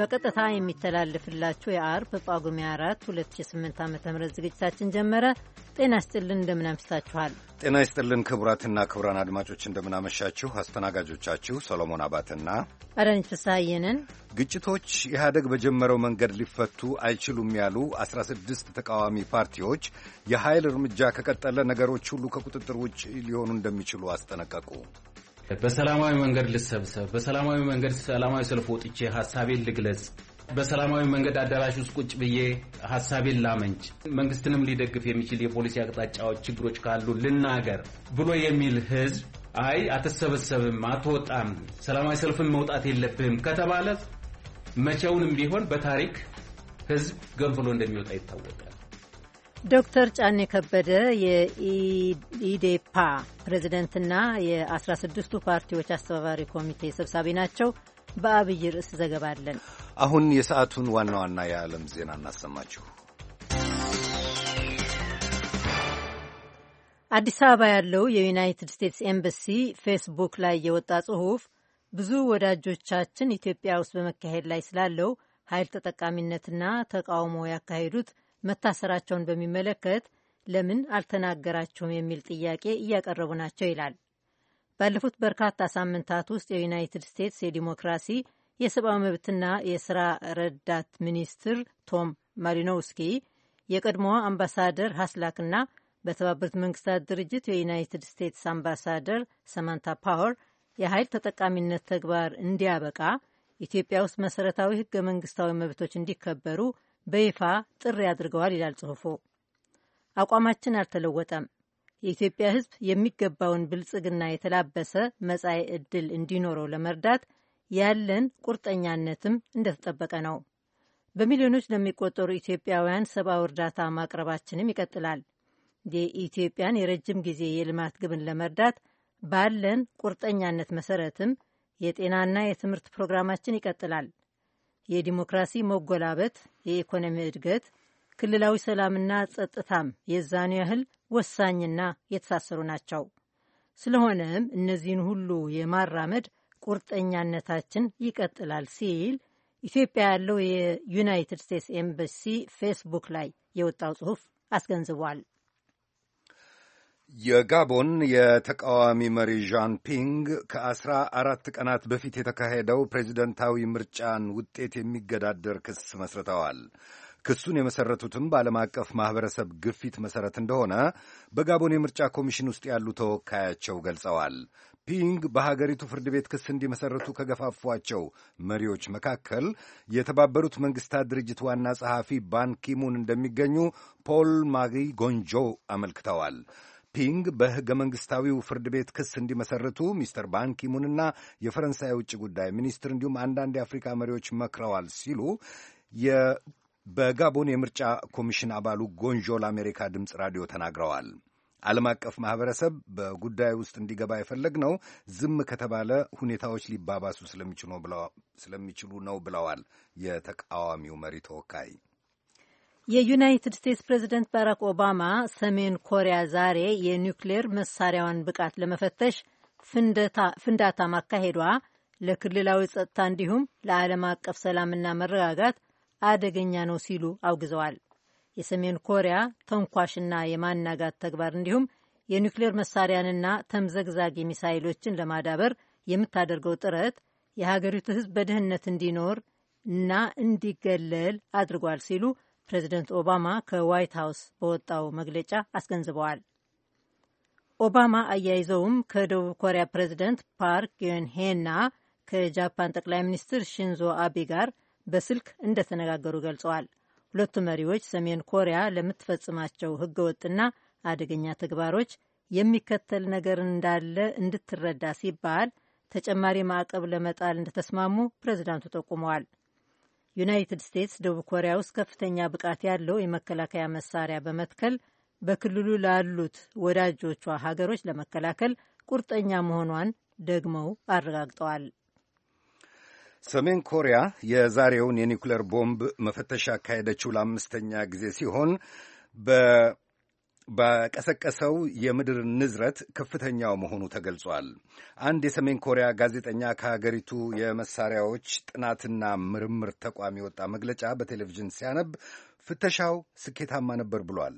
በቀጥታ የሚተላለፍላችሁ የአርብ ጳጉሜ 4 2008 ዓ ም ዝግጅታችን ጀመረ። ጤና ይስጥልን፣ እንደምናምስታችኋል። ጤና ይስጥልን ክቡራትና ክቡራን አድማጮች እንደምናመሻችሁ። አስተናጋጆቻችሁ ሰሎሞን አባትና አዳነች ፍስሐየንን። ግጭቶች ኢህአደግ በጀመረው መንገድ ሊፈቱ አይችሉም ያሉ 16 ተቃዋሚ ፓርቲዎች የኃይል እርምጃ ከቀጠለ ነገሮች ሁሉ ከቁጥጥር ውጭ ሊሆኑ እንደሚችሉ አስጠነቀቁ። በሰላማዊ መንገድ ልሰብሰብ፣ በሰላማዊ መንገድ ሰላማዊ ሰልፍ ወጥቼ ሀሳቤን ልግለጽ፣ በሰላማዊ መንገድ አዳራሽ ውስጥ ቁጭ ብዬ ሀሳቤን ላመንጭ፣ መንግስትንም ሊደግፍ የሚችል የፖሊሲ አቅጣጫዎች፣ ችግሮች ካሉ ልናገር ብሎ የሚል ህዝብ አይ አትሰበሰብም፣ አትወጣም፣ ሰላማዊ ሰልፍን መውጣት የለብህም ከተባለ መቼውንም ቢሆን በታሪክ ህዝብ ገንፍሎ እንደሚወጣ ይታወቃል። ዶክተር ጫኔ ከበደ የኢዴፓ ፕሬዝደንትና የ16ቱ ፓርቲዎች አስተባባሪ ኮሚቴ ሰብሳቢ ናቸው። በአብይ ርዕስ ዘገባ አለን። አሁን የሰዓቱን ዋና ዋና የዓለም ዜና እናሰማችሁ። አዲስ አበባ ያለው የዩናይትድ ስቴትስ ኤምበሲ ፌስቡክ ላይ የወጣ ጽሑፍ ብዙ ወዳጆቻችን ኢትዮጵያ ውስጥ በመካሄድ ላይ ስላለው ኃይል ተጠቃሚነትና ተቃውሞ ያካሄዱት መታሰራቸውን በሚመለከት ለምን አልተናገራችሁም የሚል ጥያቄ እያቀረቡ ናቸው ይላል። ባለፉት በርካታ ሳምንታት ውስጥ የዩናይትድ ስቴትስ የዲሞክራሲ የሰብአዊ መብትና የስራ ረዳት ሚኒስትር ቶም ማሊኖውስኪ የቀድሞዋ አምባሳደር ሀስላክና በተባበሩት መንግስታት ድርጅት የዩናይትድ ስቴትስ አምባሳደር ሰማንታ ፓወር የኃይል ተጠቃሚነት ተግባር እንዲያበቃ ኢትዮጵያ ውስጥ መሰረታዊ ህገ መንግስታዊ መብቶች እንዲከበሩ በይፋ ጥሪ አድርገዋል ይላል ጽሑፉ። አቋማችን አልተለወጠም። የኢትዮጵያ ሕዝብ የሚገባውን ብልጽግና የተላበሰ መጻኢ ዕድል እንዲኖረው ለመርዳት ያለን ቁርጠኛነትም እንደተጠበቀ ነው። በሚሊዮኖች ለሚቆጠሩ ኢትዮጵያውያን ሰብአዊ እርዳታ ማቅረባችንም ይቀጥላል። የኢትዮጵያን የረጅም ጊዜ የልማት ግብን ለመርዳት ባለን ቁርጠኛነት መሰረትም የጤናና የትምህርት ፕሮግራማችን ይቀጥላል። የዲሞክራሲ መጎላበት፣ የኢኮኖሚ እድገት፣ ክልላዊ ሰላምና ጸጥታም የዛኑ ያህል ወሳኝና የተሳሰሩ ናቸው። ስለሆነም እነዚህን ሁሉ የማራመድ ቁርጠኛነታችን ይቀጥላል ሲል ኢትዮጵያ ያለው የዩናይትድ ስቴትስ ኤምባሲ ፌስቡክ ላይ የወጣው ጽሑፍ አስገንዝቧል። የጋቦን የተቃዋሚ መሪ ዣን ፒንግ ከአስራ አራት ቀናት በፊት የተካሄደው ፕሬዚደንታዊ ምርጫን ውጤት የሚገዳደር ክስ መስርተዋል። ክሱን የመሰረቱትም በዓለም አቀፍ ማኅበረሰብ ግፊት መሠረት እንደሆነ በጋቦን የምርጫ ኮሚሽን ውስጥ ያሉ ተወካያቸው ገልጸዋል። ፒንግ በሀገሪቱ ፍርድ ቤት ክስ እንዲመሠረቱ ከገፋፏቸው መሪዎች መካከል የተባበሩት መንግሥታት ድርጅት ዋና ጸሐፊ ባንኪሙን እንደሚገኙ ፖል ማሪ ጎንጆ አመልክተዋል። ፒንግ በሕገ መንግሥታዊው ፍርድ ቤት ክስ እንዲመሰርቱ ሚስተር ባንኪሙንና የፈረንሳይ ውጭ ጉዳይ ሚኒስትር እንዲሁም አንዳንድ የአፍሪካ መሪዎች መክረዋል ሲሉ በጋቦን የምርጫ ኮሚሽን አባሉ ጎንጆ ለአሜሪካ ድምፅ ራዲዮ ተናግረዋል። ዓለም አቀፍ ማህበረሰብ በጉዳይ ውስጥ እንዲገባ ነው ዝም ከተባለ ሁኔታዎች ሊባባሱ ስለሚችሉ ነው ብለዋል የተቃዋሚው መሪ ተወካይ የዩናይትድ ስቴትስ ፕሬዚደንት ባራክ ኦባማ ሰሜን ኮሪያ ዛሬ የኒውክሌር መሳሪያዋን ብቃት ለመፈተሽ ፍንዳታ ማካሄዷ ለክልላዊ ጸጥታ እንዲሁም ለዓለም አቀፍ ሰላምና መረጋጋት አደገኛ ነው ሲሉ አውግዘዋል። የሰሜን ኮሪያ ተንኳሽና የማናጋት ተግባር እንዲሁም የኒውክሌር መሳሪያንና ተምዘግዛጊ ሚሳይሎችን ለማዳበር የምታደርገው ጥረት የሀገሪቱ ሕዝብ በድህነት እንዲኖር እና እንዲገለል አድርጓል ሲሉ ፕሬዚደንት ኦባማ ከዋይት ሀውስ በወጣው መግለጫ አስገንዝበዋል። ኦባማ አያይዘውም ከደቡብ ኮሪያ ፕሬዚደንት ፓርክ ጊዮንሄና ከጃፓን ጠቅላይ ሚኒስትር ሽንዞ አቢ ጋር በስልክ እንደተነጋገሩ ገልጸዋል። ሁለቱ መሪዎች ሰሜን ኮሪያ ለምትፈጽማቸው ህገወጥና አደገኛ ተግባሮች የሚከተል ነገር እንዳለ እንድትረዳ ሲባል ተጨማሪ ማዕቀብ ለመጣል እንደተስማሙ ፕሬዚዳንቱ ጠቁመዋል። ዩናይትድ ስቴትስ ደቡብ ኮሪያ ውስጥ ከፍተኛ ብቃት ያለው የመከላከያ መሳሪያ በመትከል በክልሉ ላሉት ወዳጆቿ ሀገሮች ለመከላከል ቁርጠኛ መሆኗን ደግመው አረጋግጠዋል። ሰሜን ኮሪያ የዛሬውን የኒውክለር ቦምብ መፈተሻ ያካሄደችው ለአምስተኛ ጊዜ ሲሆን በቀሰቀሰው የምድር ንዝረት ከፍተኛው መሆኑ ተገልጿል። አንድ የሰሜን ኮሪያ ጋዜጠኛ ከሀገሪቱ የመሳሪያዎች ጥናትና ምርምር ተቋም የወጣ መግለጫ በቴሌቪዥን ሲያነብ ፍተሻው ስኬታማ ነበር ብሏል።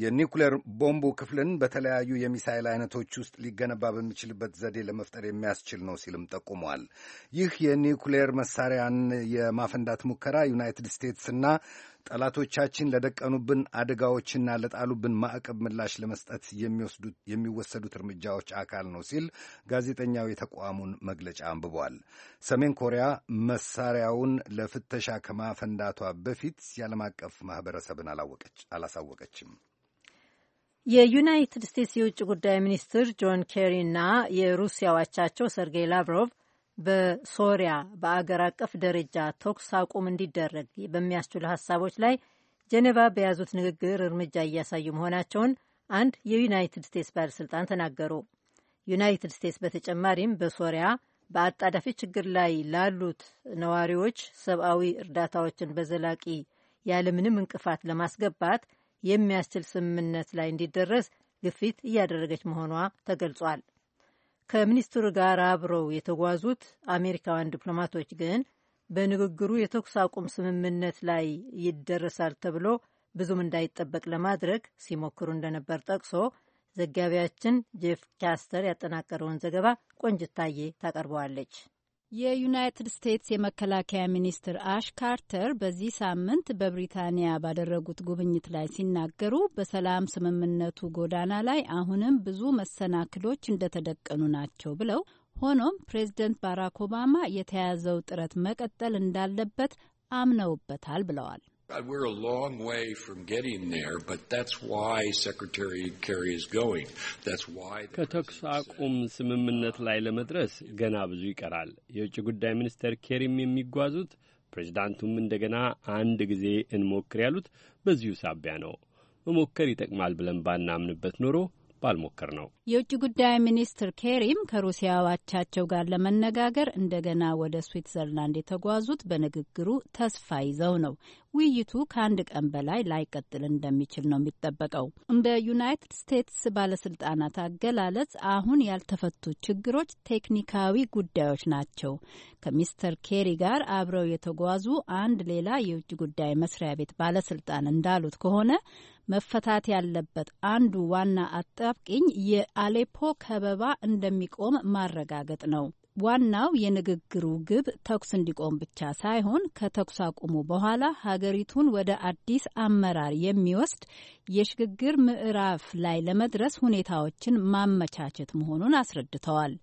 የኒውክሌር ቦምቡ ክፍልን በተለያዩ የሚሳይል አይነቶች ውስጥ ሊገነባ በሚችልበት ዘዴ ለመፍጠር የሚያስችል ነው ሲልም ጠቁሟል። ይህ የኒውክሌር መሳሪያን የማፈንዳት ሙከራ ዩናይትድ ስቴትስና ጠላቶቻችን ለደቀኑብን አደጋዎችና ለጣሉብን ማዕቀብ ምላሽ ለመስጠት የሚወሰዱት እርምጃዎች አካል ነው ሲል ጋዜጠኛው የተቋሙን መግለጫ አንብቧል። ሰሜን ኮሪያ መሳሪያውን ለፍተሻ ከማፈንዳቷ በፊት ያለም አቀፍ ማህበረሰብን አላሳወቀችም። የዩናይትድ ስቴትስ የውጭ ጉዳይ ሚኒስትር ጆን ኬሪ እና የሩሲያ ዋቻቸው ሰርጌይ ላቭሮቭ በሶሪያ በአገር አቀፍ ደረጃ ተኩስ አቁም እንዲደረግ በሚያስችሉ ሀሳቦች ላይ ጀኔቫ በያዙት ንግግር እርምጃ እያሳዩ መሆናቸውን አንድ የዩናይትድ ስቴትስ ባለሥልጣን ተናገሩ። ዩናይትድ ስቴትስ በተጨማሪም በሶሪያ በአጣዳፊ ችግር ላይ ላሉት ነዋሪዎች ሰብአዊ እርዳታዎችን በዘላቂ ያለምንም እንቅፋት ለማስገባት የሚያስችል ስምምነት ላይ እንዲደረስ ግፊት እያደረገች መሆኗ ተገልጿል። ከሚኒስትሩ ጋር አብረው የተጓዙት አሜሪካውያን ዲፕሎማቶች ግን በንግግሩ የተኩስ አቁም ስምምነት ላይ ይደረሳል ተብሎ ብዙም እንዳይጠበቅ ለማድረግ ሲሞክሩ እንደነበር ጠቅሶ ዘጋቢያችን ጄፍ ካስተር ያጠናቀረውን ዘገባ ቆንጅታዬ ታቀርበዋለች። የዩናይትድ ስቴትስ የመከላከያ ሚኒስትር አሽ ካርተር በዚህ ሳምንት በብሪታንያ ባደረጉት ጉብኝት ላይ ሲናገሩ በሰላም ስምምነቱ ጎዳና ላይ አሁንም ብዙ መሰናክሎች እንደተደቀኑ ናቸው ብለው፣ ሆኖም ፕሬዝደንት ባራክ ኦባማ የተያዘው ጥረት መቀጠል እንዳለበት አምነውበታል ብለዋል። God, uh, we're a long way from getting there, but that's why Secretary Kerry is going. That's why ከተኩስ አቁም ስምምነት ላይ ለመድረስ ገና ብዙ ይቀራል። የውጭ ጉዳይ ሚኒስትር ኬሪም የሚጓዙት ፕሬዚዳንቱም እንደገና አንድ ጊዜ እንሞክር ያሉት በዚሁ ሳቢያ ነው። መሞከር ይጠቅማል ብለን ባናምንበት ኖሮ ባልሞከር ነው። የውጭ ጉዳይ ሚኒስትር ኬሪም ከሩሲያ አቻቸው ጋር ለመነጋገር እንደገና ወደ ስዊትዘርላንድ የተጓዙት በንግግሩ ተስፋ ይዘው ነው። ውይይቱ ከአንድ ቀን በላይ ላይቀጥል እንደሚችል ነው የሚጠበቀው። እንደ ዩናይትድ ስቴትስ ባለስልጣናት አገላለጽ አሁን ያልተፈቱ ችግሮች ቴክኒካዊ ጉዳዮች ናቸው። ከሚስተር ኬሪ ጋር አብረው የተጓዙ አንድ ሌላ የውጭ ጉዳይ መስሪያ ቤት ባለስልጣን እንዳሉት ከሆነ መፈታት ያለበት አንዱ ዋና አጣብቂኝ የአሌፖ ከበባ እንደሚቆም ማረጋገጥ ነው። ዋናው የንግግሩ ግብ ተኩስ እንዲቆም ብቻ ሳይሆን ከተኩስ አቁሙ በኋላ ሀገሪቱን ወደ አዲስ አመራር የሚወስድ የሽግግር ምዕራፍ ላይ ለመድረስ ሁኔታዎችን ማመቻቸት መሆኑን አስረድተዋል።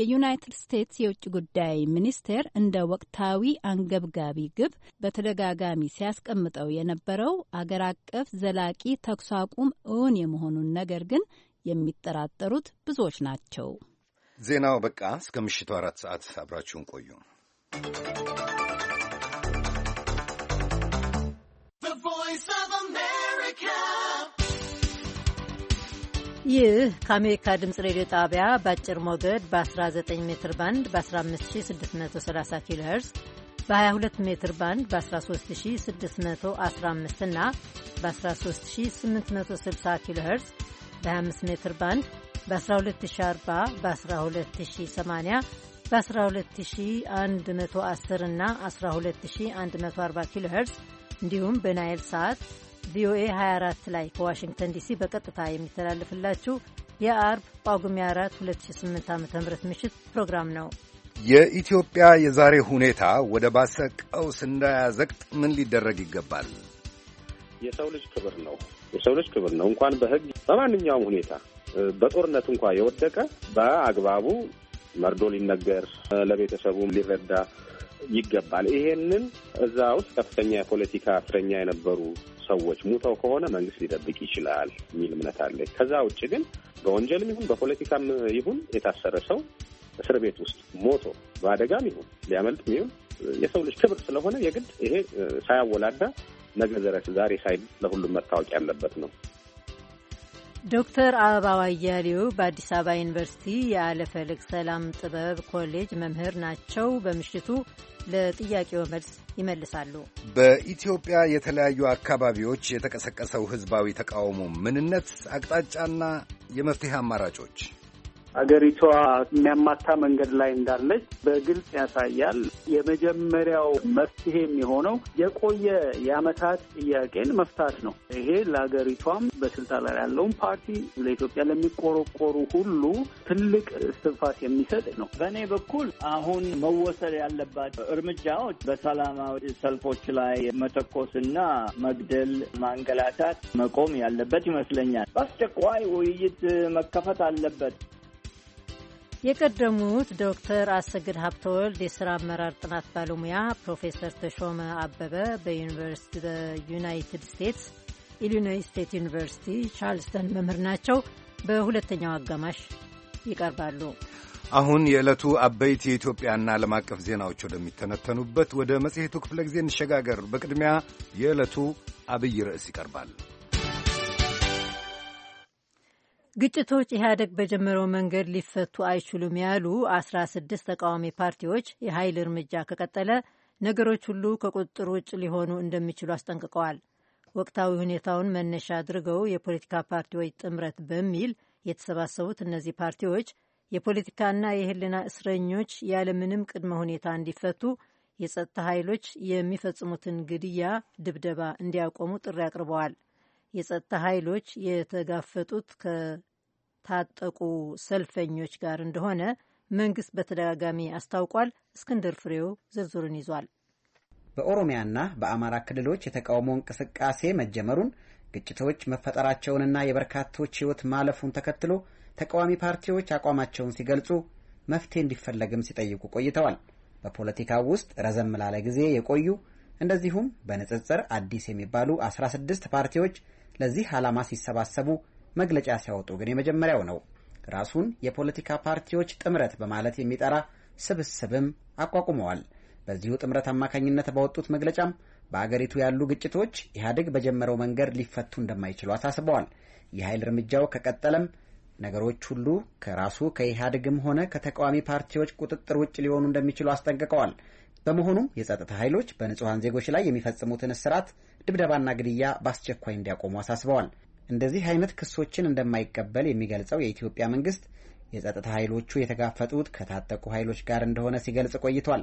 የዩናይትድ ስቴትስ የውጭ ጉዳይ ሚኒስቴር እንደ ወቅታዊ አንገብጋቢ ግብ በተደጋጋሚ ሲያስቀምጠው የነበረው አገር አቀፍ ዘላቂ ተኩስ አቁም እውን የመሆኑን ነገር ግን የሚጠራጠሩት ብዙዎች ናቸው። ዜናው በቃ። እስከ ምሽቱ አራት ሰዓት አብራችሁን ቆዩ። ይህ ከአሜሪካ ድምፅ ሬዲዮ ጣቢያ በአጭር ሞገድ በ19 ሜትር ባንድ በ15630 ኪሎ ሄርዝ በ22 ሜትር ባንድ በ13615 እና በ13860 ኪሎ ሄርዝ በ25 ሜትር ባንድ በ12040 በ12080 በ12110 እና 12140 ኪሎ ሄርዝ እንዲሁም በናይል ሰዓት ቪኦኤ 24 ላይ ከዋሽንግተን ዲሲ በቀጥታ የሚተላለፍላችሁ የአርብ ጳጉሜ 4 2008 ዓ ም ምሽት ፕሮግራም ነው። የኢትዮጵያ የዛሬ ሁኔታ ወደ ባሰ ቀውስ እንዳያዘቅጥ ምን ሊደረግ ይገባል? የሰው ልጅ ክብር ነው። የሰው ልጅ ክብር ነው። እንኳን በሕግ በማንኛውም ሁኔታ በጦርነት እንኳ የወደቀ በአግባቡ መርዶ ሊነገር ለቤተሰቡም ሊረዳ ይገባል። ይሄንን እዛ ውስጥ ከፍተኛ የፖለቲካ እስረኛ የነበሩ ሰዎች ሙተው ከሆነ መንግስት ሊደብቅ ይችላል የሚል እምነት አለ። ከዛ ውጭ ግን በወንጀልም ይሁን በፖለቲካም ይሁን የታሰረ ሰው እስር ቤት ውስጥ ሞቶ በአደጋም ይሁን ሊያመልጥ ይሁን የሰው ልጅ ክብር ስለሆነ የግድ ይሄ ሳያወላዳ ነገ ዘረስ ዛሬ ሳይል ለሁሉም መታወቂያ ያለበት ነው። ዶክተር አበባው አያሌው በአዲስ አበባ ዩኒቨርሲቲ የአለፈልግ ሰላም ጥበብ ኮሌጅ መምህር ናቸው። በምሽቱ ለጥያቄው መልስ ይመልሳሉ። በኢትዮጵያ የተለያዩ አካባቢዎች የተቀሰቀሰው ሕዝባዊ ተቃውሞ ምንነት፣ አቅጣጫና የመፍትሄ አማራጮች አገሪቷ የሚያማታ መንገድ ላይ እንዳለች በግልጽ ያሳያል። የመጀመሪያው መፍትሄ የሚሆነው የቆየ የአመታት ጥያቄን መፍታት ነው። ይሄ ለሀገሪቷም በስልጣን ላይ ያለውን ፓርቲ ለኢትዮጵያ ለሚቆረቆሩ ሁሉ ትልቅ እስትንፋስ የሚሰጥ ነው። በእኔ በኩል አሁን መወሰድ ያለባቸው እርምጃዎች በሰላማዊ ሰልፎች ላይ መተኮስና መግደል፣ ማንገላታት መቆም ያለበት ይመስለኛል። በአስቸኳይ ውይይት መከፈት አለበት። የቀደሙት ዶክተር አሰግድ ሀብተወልድ የስራ አመራር ጥናት ባለሙያ፣ ፕሮፌሰር ተሾመ አበበ በዩናይትድ ስቴትስ ኢሊኖይ ስቴት ዩኒቨርሲቲ ቻርልስተን መምህር ናቸው። በሁለተኛው አጋማሽ ይቀርባሉ። አሁን የዕለቱ አበይት የኢትዮጵያና ዓለም አቀፍ ዜናዎች ወደሚተነተኑበት ወደ መጽሔቱ ክፍለ ጊዜ እንሸጋገር። በቅድሚያ የዕለቱ አብይ ርዕስ ይቀርባል። ግጭቶች ኢህአደግ በጀመረው መንገድ ሊፈቱ አይችሉም ያሉ 16 ተቃዋሚ ፓርቲዎች የኃይል እርምጃ ከቀጠለ ነገሮች ሁሉ ከቁጥጥር ውጭ ሊሆኑ እንደሚችሉ አስጠንቅቀዋል። ወቅታዊ ሁኔታውን መነሻ አድርገው የፖለቲካ ፓርቲዎች ጥምረት በሚል የተሰባሰቡት እነዚህ ፓርቲዎች የፖለቲካና የህልና እስረኞች ያለምንም ቅድመ ሁኔታ እንዲፈቱ፣ የጸጥታ ኃይሎች የሚፈጽሙትን ግድያ፣ ድብደባ እንዲያቆሙ ጥሪ አቅርበዋል። የጸጥታ ኃይሎች የተጋፈጡት ከታጠቁ ሰልፈኞች ጋር እንደሆነ መንግስት በተደጋጋሚ አስታውቋል። እስክንድር ፍሬው ዝርዝሩን ይዟል። በኦሮሚያና በአማራ ክልሎች የተቃውሞ እንቅስቃሴ መጀመሩን ግጭቶች መፈጠራቸውንና የበርካቶች ሕይወት ማለፉን ተከትሎ ተቃዋሚ ፓርቲዎች አቋማቸውን ሲገልጹ መፍትሄ እንዲፈለግም ሲጠይቁ ቆይተዋል። በፖለቲካው ውስጥ ረዘም ላለ ጊዜ የቆዩ እንደዚሁም በንጽጽር አዲስ የሚባሉ 16 ፓርቲዎች ለዚህ ዓላማ ሲሰባሰቡ መግለጫ ሲያወጡ ግን የመጀመሪያው ነው። ራሱን የፖለቲካ ፓርቲዎች ጥምረት በማለት የሚጠራ ስብስብም አቋቁመዋል። በዚሁ ጥምረት አማካኝነት ባወጡት መግለጫም በአገሪቱ ያሉ ግጭቶች ኢህአዴግ በጀመረው መንገድ ሊፈቱ እንደማይችሉ አሳስበዋል። የኃይል እርምጃው ከቀጠለም ነገሮች ሁሉ ከራሱ ከኢህአዴግም ሆነ ከተቃዋሚ ፓርቲዎች ቁጥጥር ውጭ ሊሆኑ እንደሚችሉ አስጠንቅቀዋል። በመሆኑም የጸጥታ ኃይሎች በንጹሐን ዜጎች ላይ የሚፈጽሙትን እስራት፣ ድብደባና ግድያ በአስቸኳይ እንዲያቆሙ አሳስበዋል። እንደዚህ አይነት ክሶችን እንደማይቀበል የሚገልጸው የኢትዮጵያ መንግስት የጸጥታ ኃይሎቹ የተጋፈጡት ከታጠቁ ኃይሎች ጋር እንደሆነ ሲገልጽ ቆይቷል።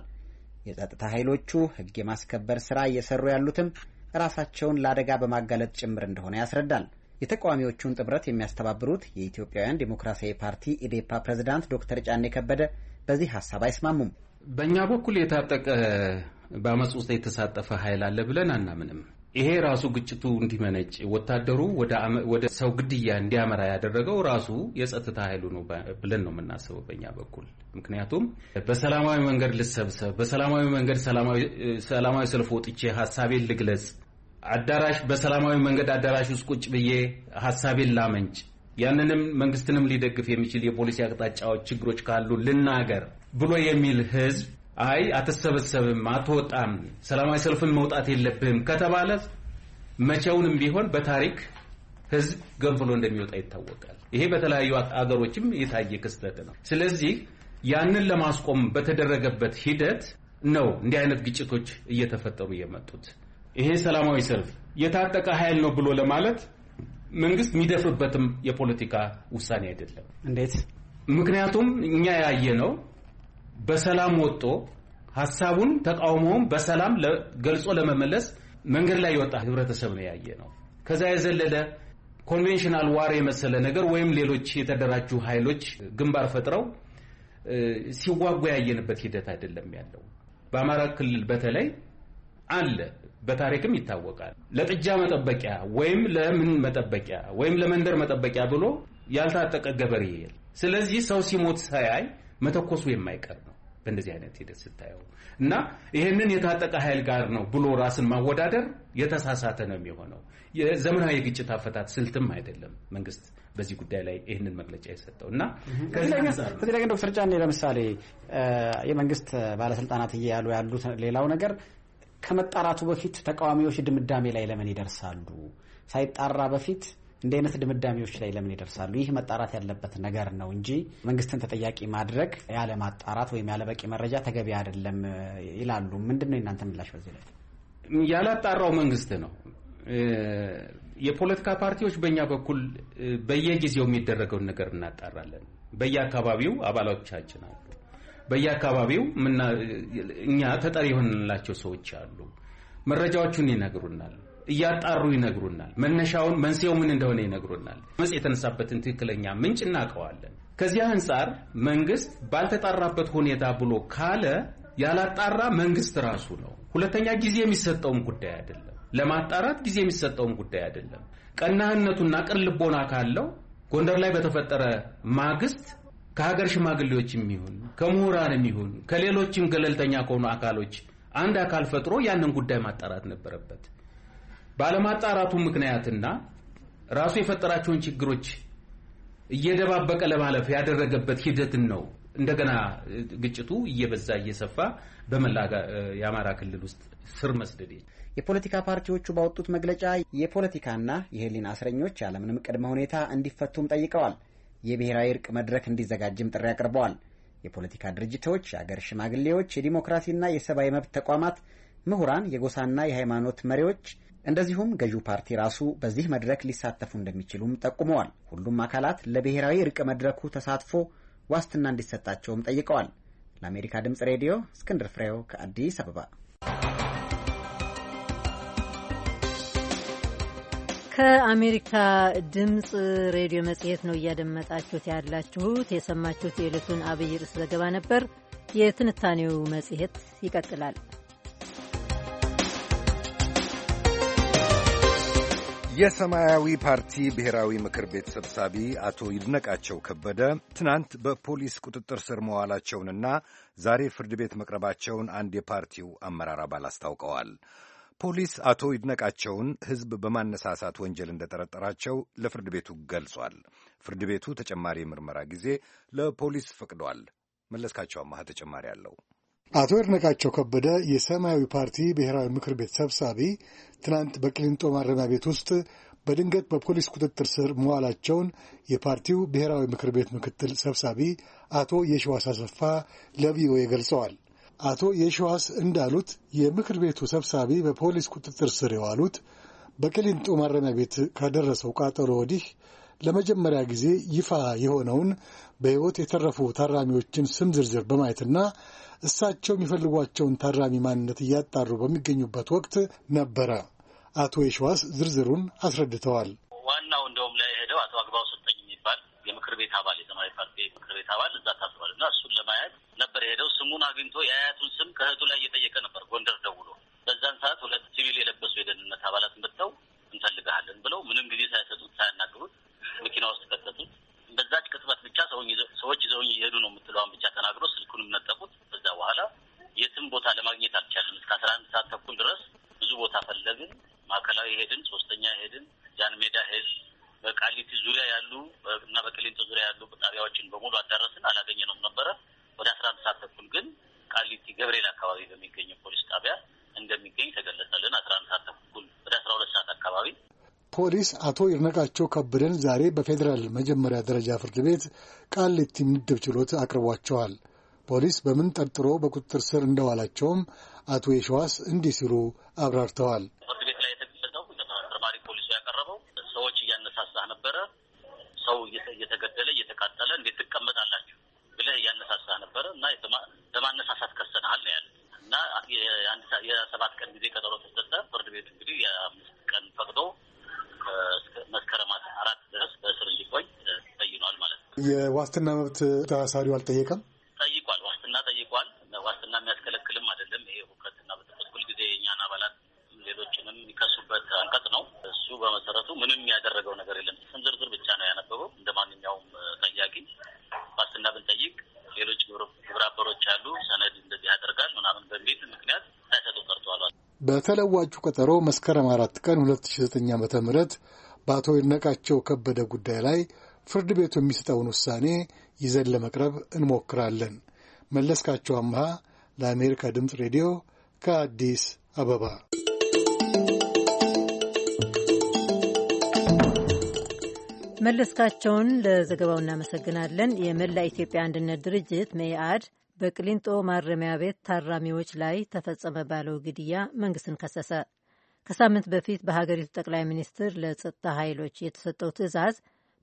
የጸጥታ ኃይሎቹ ሕግ የማስከበር ስራ እየሰሩ ያሉትም ራሳቸውን ለአደጋ በማጋለጥ ጭምር እንደሆነ ያስረዳል። የተቃዋሚዎቹን ጥምረት የሚያስተባብሩት የኢትዮጵያውያን ዴሞክራሲያዊ ፓርቲ ኢዴፓ ፕሬዝዳንት ዶክተር ጫኔ ከበደ በዚህ ሀሳብ አይስማሙም። በእኛ በኩል የታጠቀ በአመፅ ውስጥ የተሳተፈ ኃይል አለ ብለን አናምንም። ይሄ ራሱ ግጭቱ እንዲመነጭ ወታደሩ ወደ ሰው ግድያ እንዲያመራ ያደረገው ራሱ የጸጥታ ኃይሉ ነው ብለን ነው የምናስበው በእኛ በኩል። ምክንያቱም በሰላማዊ መንገድ ልሰብሰብ፣ በሰላማዊ መንገድ ሰላማዊ ሰልፍ ወጥቼ ሀሳቤን ልግለጽ፣ አዳራሽ በሰላማዊ መንገድ አዳራሽ ውስጥ ቁጭ ብዬ ሀሳቤን ላመንጭ፣ ያንንም መንግስትንም ሊደግፍ የሚችል የፖሊሲ አቅጣጫዎች ችግሮች ካሉ ልናገር ብሎ የሚል ህዝብ አይ አትሰበሰብም፣ አትወጣም፣ ሰላማዊ ሰልፍን መውጣት የለብህም ከተባለ መቼውንም ቢሆን በታሪክ ህዝብ ገንፍሎ እንደሚወጣ ይታወቃል። ይሄ በተለያዩ አገሮችም የታየ ክስተት ነው። ስለዚህ ያንን ለማስቆም በተደረገበት ሂደት ነው እንዲህ አይነት ግጭቶች እየተፈጠሩ የመጡት። ይሄ ሰላማዊ ሰልፍ የታጠቀ ኃይል ነው ብሎ ለማለት መንግስት የሚደፍርበትም የፖለቲካ ውሳኔ አይደለም። እንዴት? ምክንያቱም እኛ ያየ ነው በሰላም ወጥቶ ሀሳቡን ተቃውሞውን በሰላም ገልጾ ለመመለስ መንገድ ላይ የወጣ ህብረተሰብ ነው ያየ ነው። ከዛ የዘለለ ኮንቬንሽናል ዋር የመሰለ ነገር ወይም ሌሎች የተደራጁ ኃይሎች ግንባር ፈጥረው ሲዋጉ ያየንበት ሂደት አይደለም ያለው። በአማራ ክልል በተለይ አለ፣ በታሪክም ይታወቃል። ለጥጃ መጠበቂያ ወይም ለምን መጠበቂያ ወይም ለመንደር መጠበቂያ ብሎ ያልታጠቀ ገበሬ የለ። ስለዚህ ሰው ሲሞት ሳያይ መተኮሱ የማይቀር ነው። በእንደዚህ አይነት ሂደት ስታየው እና ይህንን የታጠቀ ኃይል ጋር ነው ብሎ ራስን ማወዳደር የተሳሳተ ነው የሚሆነው። የዘመናዊ የግጭት አፈታት ስልትም አይደለም። መንግስት በዚህ ጉዳይ ላይ ይህንን መግለጫ የሰጠው እና ከዚህ ላይ ግን ዶክተር ጫኔ ለምሳሌ የመንግስት ባለስልጣናት እያሉ ያሉት ሌላው ነገር ከመጣራቱ በፊት ተቃዋሚዎች ድምዳሜ ላይ ለምን ይደርሳሉ? ሳይጣራ በፊት እንዲህ አይነት ድምዳሜዎች ላይ ለምን ይደርሳሉ? ይህ መጣራት ያለበት ነገር ነው እንጂ መንግስትን ተጠያቂ ማድረግ ያለ ማጣራት ወይም ያለ በቂ መረጃ ተገቢ አይደለም ይላሉ። ምንድን ነው የእናንተ ምላሽ በዚህ ላይ? ያላጣራው መንግስት ነው። የፖለቲካ ፓርቲዎች በእኛ በኩል በየጊዜው የሚደረገውን ነገር እናጣራለን። በየአካባቢው አባሎቻችን አሉ። በየአካባቢው እኛ ተጠሪ የሆንላቸው ሰዎች አሉ። መረጃዎቹን ይነግሩናል። እያጣሩ ይነግሩናል። መነሻውን መንስኤው ምን እንደሆነ ይነግሩናል። መጽ የተነሳበትን ትክክለኛ ምንጭ እናውቀዋለን። ከዚያ አንጻር መንግስት ባልተጣራበት ሁኔታ ብሎ ካለ ያላጣራ መንግስት ራሱ ነው። ሁለተኛ ጊዜ የሚሰጠውም ጉዳይ አይደለም። ለማጣራት ጊዜ የሚሰጠውም ጉዳይ አይደለም። ቀናህነቱና ቅን ልቦና ካለው ጎንደር ላይ በተፈጠረ ማግስት ከሀገር ሽማግሌዎች የሚሆን ከምሁራን የሚሆን ከሌሎችም ገለልተኛ ከሆኑ አካሎች አንድ አካል ፈጥሮ ያንን ጉዳይ ማጣራት ነበረበት። ባለማጣራቱ ምክንያትና ራሱ የፈጠራቸውን ችግሮች እየደባበቀ ለማለፍ ያደረገበት ሂደትን ነው። እንደገና ግጭቱ እየበዛ እየሰፋ በመላ የአማራ ክልል ውስጥ ስር መስደድ የፖለቲካ ፓርቲዎቹ ባወጡት መግለጫ የፖለቲካና የሕሊና እስረኞች ያለምንም ቅድመ ሁኔታ እንዲፈቱም ጠይቀዋል። የብሔራዊ እርቅ መድረክ እንዲዘጋጅም ጥሪ አቅርበዋል። የፖለቲካ ድርጅቶች፣ የአገር ሽማግሌዎች፣ የዲሞክራሲና የሰብአዊ መብት ተቋማት፣ ምሁራን፣ የጎሳና የሃይማኖት መሪዎች እንደዚሁም ገዢው ፓርቲ ራሱ በዚህ መድረክ ሊሳተፉ እንደሚችሉም ጠቁመዋል። ሁሉም አካላት ለብሔራዊ እርቅ መድረኩ ተሳትፎ ዋስትና እንዲሰጣቸውም ጠይቀዋል። ለአሜሪካ ድምፅ ሬዲዮ እስክንድር ፍሬው ከአዲስ አበባ። ከአሜሪካ ድምፅ ሬዲዮ መጽሔት ነው እያደመጣችሁት ያላችሁት። የሰማችሁት የዕለቱን አብይ ርዕስ ዘገባ ነበር። የትንታኔው መጽሔት ይቀጥላል። የሰማያዊ ፓርቲ ብሔራዊ ምክር ቤት ሰብሳቢ አቶ ይድነቃቸው ከበደ ትናንት በፖሊስ ቁጥጥር ስር መዋላቸውንና ዛሬ ፍርድ ቤት መቅረባቸውን አንድ የፓርቲው አመራር አባል አስታውቀዋል። ፖሊስ አቶ ይድነቃቸውን ሕዝብ በማነሳሳት ወንጀል እንደጠረጠራቸው ለፍርድ ቤቱ ገልጿል። ፍርድ ቤቱ ተጨማሪ የምርመራ ጊዜ ለፖሊስ ፈቅዷል። መለስካቸው አማሃ ተጨማሪ አለው። አቶ ይድነቃቸው ከበደ የሰማያዊ ፓርቲ ብሔራዊ ምክር ቤት ሰብሳቢ ትናንት በቅሊንጦ ማረሚያ ቤት ውስጥ በድንገት በፖሊስ ቁጥጥር ስር መዋላቸውን የፓርቲው ብሔራዊ ምክር ቤት ምክትል ሰብሳቢ አቶ የሸዋስ አሰፋ ለቪኦኤ ገልጸዋል። አቶ የሸዋስ እንዳሉት የምክር ቤቱ ሰብሳቢ በፖሊስ ቁጥጥር ስር የዋሉት በቅሊንጦ ማረሚያ ቤት ከደረሰው ቃጠሎ ወዲህ ለመጀመሪያ ጊዜ ይፋ የሆነውን በሕይወት የተረፉ ታራሚዎችን ስም ዝርዝር በማየትና እሳቸው የሚፈልጓቸውን ታራሚ ማንነት እያጣሩ በሚገኙበት ወቅት ነበረ። አቶ የሸዋስ ዝርዝሩን አስረድተዋል። ዋናው እንደውም ላይ ሄደው አቶ አግባው ሰጠኝ የሚባል የምክር ቤት አባል የሰማያዊ ፓርቲ ምክር ቤት አባል እዛ ታስሯል እና እሱን ለማየት ነበር የሄደው። ስሙን አግኝቶ የአያቱን ስም ከእህቱ ላይ እየጠየቀ ነበር ጎንደር ደውሎ። በዛን ሰዓት ሁለት ሲቪል የለበሱ የደህንነት አባላት መጥተው እንፈልግሃለን ብለው ምንም ጊዜ ሳይሰጡት ሳያናግሩት መኪና ውስጥ ከተቱት። በዛች ቅጽበት ብቻ ሰዎች ይዘውኝ እየሄዱ ነው የምትለዋን ብቻ ተናግሮ ስልኩንም ነጠቁት። በዛ በኋላ የትም ቦታ ለማግኘት አልቻለም። እስከ አስራ አንድ ሰዓት ተኩል ድረስ ብዙ ቦታ ፈለግን። ማዕከላዊ ሄድን፣ ሶስተኛ ሄድን፣ ጃን ሜዳ ሄድ፣ በቃሊቲ ዙሪያ ያሉ እና በቅሊንጦ ዙሪያ ያሉ ጣቢያዎችን በሙሉ አዳረስን። አላገኘ ነው ነበረ ወደ አስራ አንድ ሰዓት ተኩል ግን ቃሊቲ ገብርኤል አካባቢ በሚገኘው ፖሊስ ጣቢያ እንደሚገኝ ተገለጸልን። አስራ አንድ ሰዓት ተኩል ወደ አስራ ሁለት ሰዓት አካባቢ ፖሊስ አቶ ይርነቃቸው ከበደን ዛሬ በፌዴራል መጀመሪያ ደረጃ ፍርድ ቤት ቃሊቲ ምድብ ችሎት አቅርቧቸዋል። ፖሊስ በምን ጠርጥሮ በቁጥጥር ስር እንደዋላቸውም አቶ የሸዋስ እንዲህ ሲሉ አብራርተዋል። ፍርድ ቤት ላይ የተገለጸው ተመራማሪ ፖሊሱ ያቀረበው ሰዎች እያነሳሳህ ነበረ፣ ሰው እየተገደለ እየተቃጠለ እንዴት ትቀመጣላችሁ ብለህ እያነሳሳህ ነበረ እና ለማነሳሳት ከሰናሃል ነው ያለ እና የሰባት ቀን ጊዜ ቀጠሮ ተሰጠ። ፍርድ ቤት እንግዲህ የአምስት ቀን ፈቅዶ የዋስትና መብት ታሳሪው አልጠየቀም? ጠይቋል። ዋስትና ጠይቋል። ዋስትና የሚያስከለክልም አይደለም። ይሄ ሁከትና በጥቅት ሁልጊዜ የእኛን አባላት ሌሎችንም የሚከሱበት አንቀጽ ነው። እሱ በመሰረቱ ምንም ያደረገው ነገር የለም። ስም ዝርዝር ብቻ ነው ያነበበው። እንደ ማንኛውም ጠያቂ ዋስትና ብንጠይቅ ሌሎች ግብረ አበሮች ያሉ ሰነድ እንደዚህ ያደርጋል ምናምን በሚል ምክንያት ሳይሰጡ ቀርተዋል። በተለዋጩ ቀጠሮ መስከረም አራት ቀን ሁለት ሺ ዘጠኝ ዓመተ ምህረት በአቶ ይድነቃቸው ከበደ ጉዳይ ላይ ፍርድ ቤቱ የሚሰጠውን ውሳኔ ይዘን ለመቅረብ እንሞክራለን። መለስካቸው አምሃ ለአሜሪካ ድምፅ ሬዲዮ ከአዲስ አበባ። መለስካቸውን ለዘገባው እናመሰግናለን። የመላ ኢትዮጵያ አንድነት ድርጅት መኢአድ በቅሊንጦ ማረሚያ ቤት ታራሚዎች ላይ ተፈጸመ ባለው ግድያ መንግስትን ከሰሰ። ከሳምንት በፊት በሀገሪቱ ጠቅላይ ሚኒስትር ለጸጥታ ኃይሎች የተሰጠው ትዕዛዝ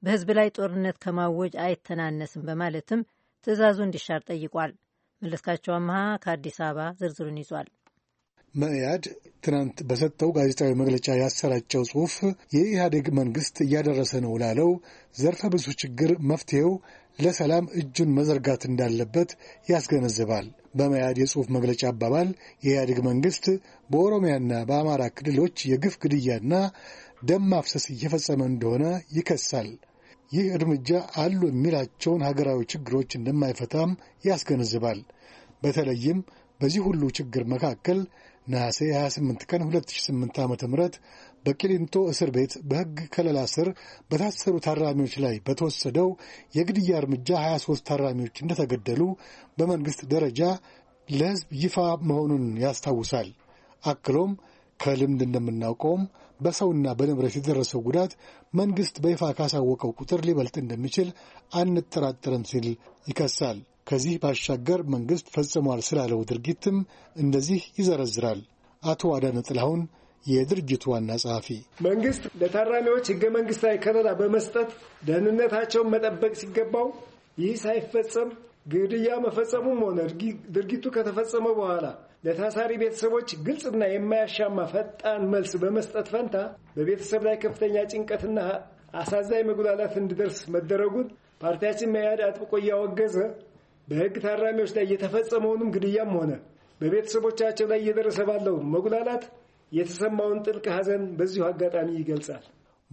በህዝብ ላይ ጦርነት ከማወጅ አይተናነስም በማለትም ትዕዛዙ እንዲሻር ጠይቋል። መለስካቸው አመሃ ከአዲስ አበባ ዝርዝሩን ይዟል። መኢአድ ትናንት በሰጠው ጋዜጣዊ መግለጫ ያሰራጨው ጽሑፍ የኢህአዴግ መንግስት እያደረሰ ነው ላለው ዘርፈ ብዙ ችግር መፍትሄው ለሰላም እጁን መዘርጋት እንዳለበት ያስገነዝባል። በመያድ የጽሑፍ መግለጫ አባባል የኢህአዴግ መንግሥት በኦሮሚያና በአማራ ክልሎች የግፍ ግድያና ደም ማፍሰስ እየፈጸመ እንደሆነ ይከሳል። ይህ እርምጃ አሉ የሚላቸውን ሀገራዊ ችግሮች እንደማይፈታም ያስገነዝባል። በተለይም በዚህ ሁሉ ችግር መካከል ነሐሴ 28 ቀን 2008 ዓ.ም በቂሊንጦ እስር ቤት በሕግ ከለላ ስር በታሰሩ ታራሚዎች ላይ በተወሰደው የግድያ እርምጃ 23 ታራሚዎች እንደተገደሉ በመንግሥት ደረጃ ለሕዝብ ይፋ መሆኑን ያስታውሳል። አክሎም ከልምድ እንደምናውቀውም በሰውና በንብረት የደረሰው ጉዳት መንግሥት በይፋ ካሳወቀው ቁጥር ሊበልጥ እንደሚችል አንጠራጠርም ሲል ይከሳል። ከዚህ ባሻገር መንግሥት ፈጽሟል ስላለው ድርጊትም እንደዚህ ይዘረዝራል። አቶ አዳነ ጥላሁን የድርጅቱ ዋና ጸሐፊ መንግስት ለታራሚዎች ህገ መንግስታዊ ከለላ በመስጠት ደህንነታቸውን መጠበቅ ሲገባው ይህ ሳይፈጸም ግድያ መፈጸሙም ሆነ ድርጊቱ ከተፈጸመ በኋላ ለታሳሪ ቤተሰቦች ግልጽና የማያሻማ ፈጣን መልስ በመስጠት ፈንታ በቤተሰብ ላይ ከፍተኛ ጭንቀትና አሳዛኝ መጉላላት እንዲደርስ መደረጉን ፓርቲያችን መያድ አጥብቆ እያወገዘ በህግ ታራሚዎች ላይ የተፈጸመውንም ግድያም ሆነ በቤተሰቦቻቸው ላይ እየደረሰ ባለው መጉላላት የተሰማውን ጥልቅ ሐዘን በዚሁ አጋጣሚ ይገልጻል።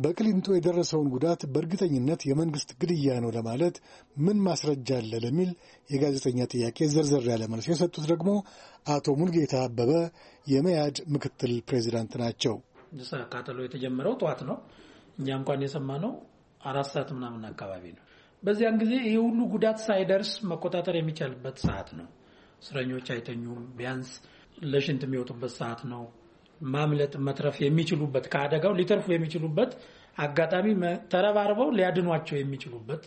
በክሊንቶ የደረሰውን ጉዳት በእርግጠኝነት የመንግስት ግድያ ነው ለማለት ምን ማስረጃ አለ ለሚል የጋዜጠኛ ጥያቄ ዘርዘር ያለ መልስ የሰጡት ደግሞ አቶ ሙልጌታ አበበ የመያድ ምክትል ፕሬዚዳንት ናቸው። ካተሎ የተጀመረው ጠዋት ነው። እኛ እንኳን የሰማነው አራት ሰዓት ምናምን አካባቢ ነው። በዚያን ጊዜ ይህ ሁሉ ጉዳት ሳይደርስ መቆጣጠር የሚቻልበት ሰዓት ነው። እስረኞች አይተኙም። ቢያንስ ለሽንት የሚወጡበት ሰዓት ነው። ማምለጥ መትረፍ የሚችሉበት ከአደጋው ሊተርፉ የሚችሉበት አጋጣሚ ተረባርበው ሊያድኗቸው የሚችሉበት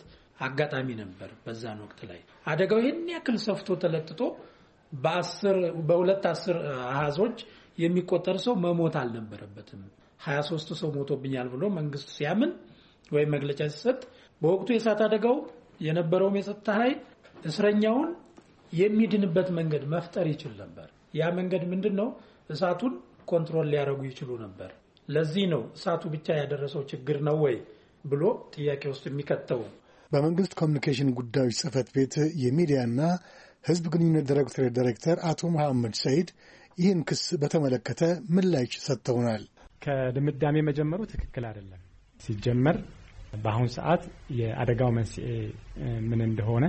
አጋጣሚ ነበር። በዛን ወቅት ላይ አደጋው ይህን ያክል ሰፍቶ ተለጥጦ በሁለት አስር አሃዞች የሚቆጠር ሰው መሞት አልነበረበትም። 23 ሰው ሞቶብኛል ብሎ መንግስት ሲያምን ወይም መግለጫ ሲሰጥ በወቅቱ የእሳት አደጋው የነበረውም የጸጥታ ኃይል እስረኛውን የሚድንበት መንገድ መፍጠር ይችል ነበር። ያ መንገድ ምንድን ነው? እሳቱን ኮንትሮል ሊያደርጉ ይችሉ ነበር። ለዚህ ነው እሳቱ ብቻ ያደረሰው ችግር ነው ወይ ብሎ ጥያቄ ውስጥ የሚከተው። በመንግስት ኮሚኒኬሽን ጉዳዮች ጽህፈት ቤት የሚዲያና ህዝብ ግንኙነት ዳይሬክቶሬት ዳይሬክተር አቶ መሐመድ ሰይድ ይህን ክስ በተመለከተ ምላሽ ሰጥተውናል። ከድምዳሜ መጀመሩ ትክክል አይደለም። ሲጀመር በአሁኑ ሰዓት የአደጋው መንስኤ ምን እንደሆነ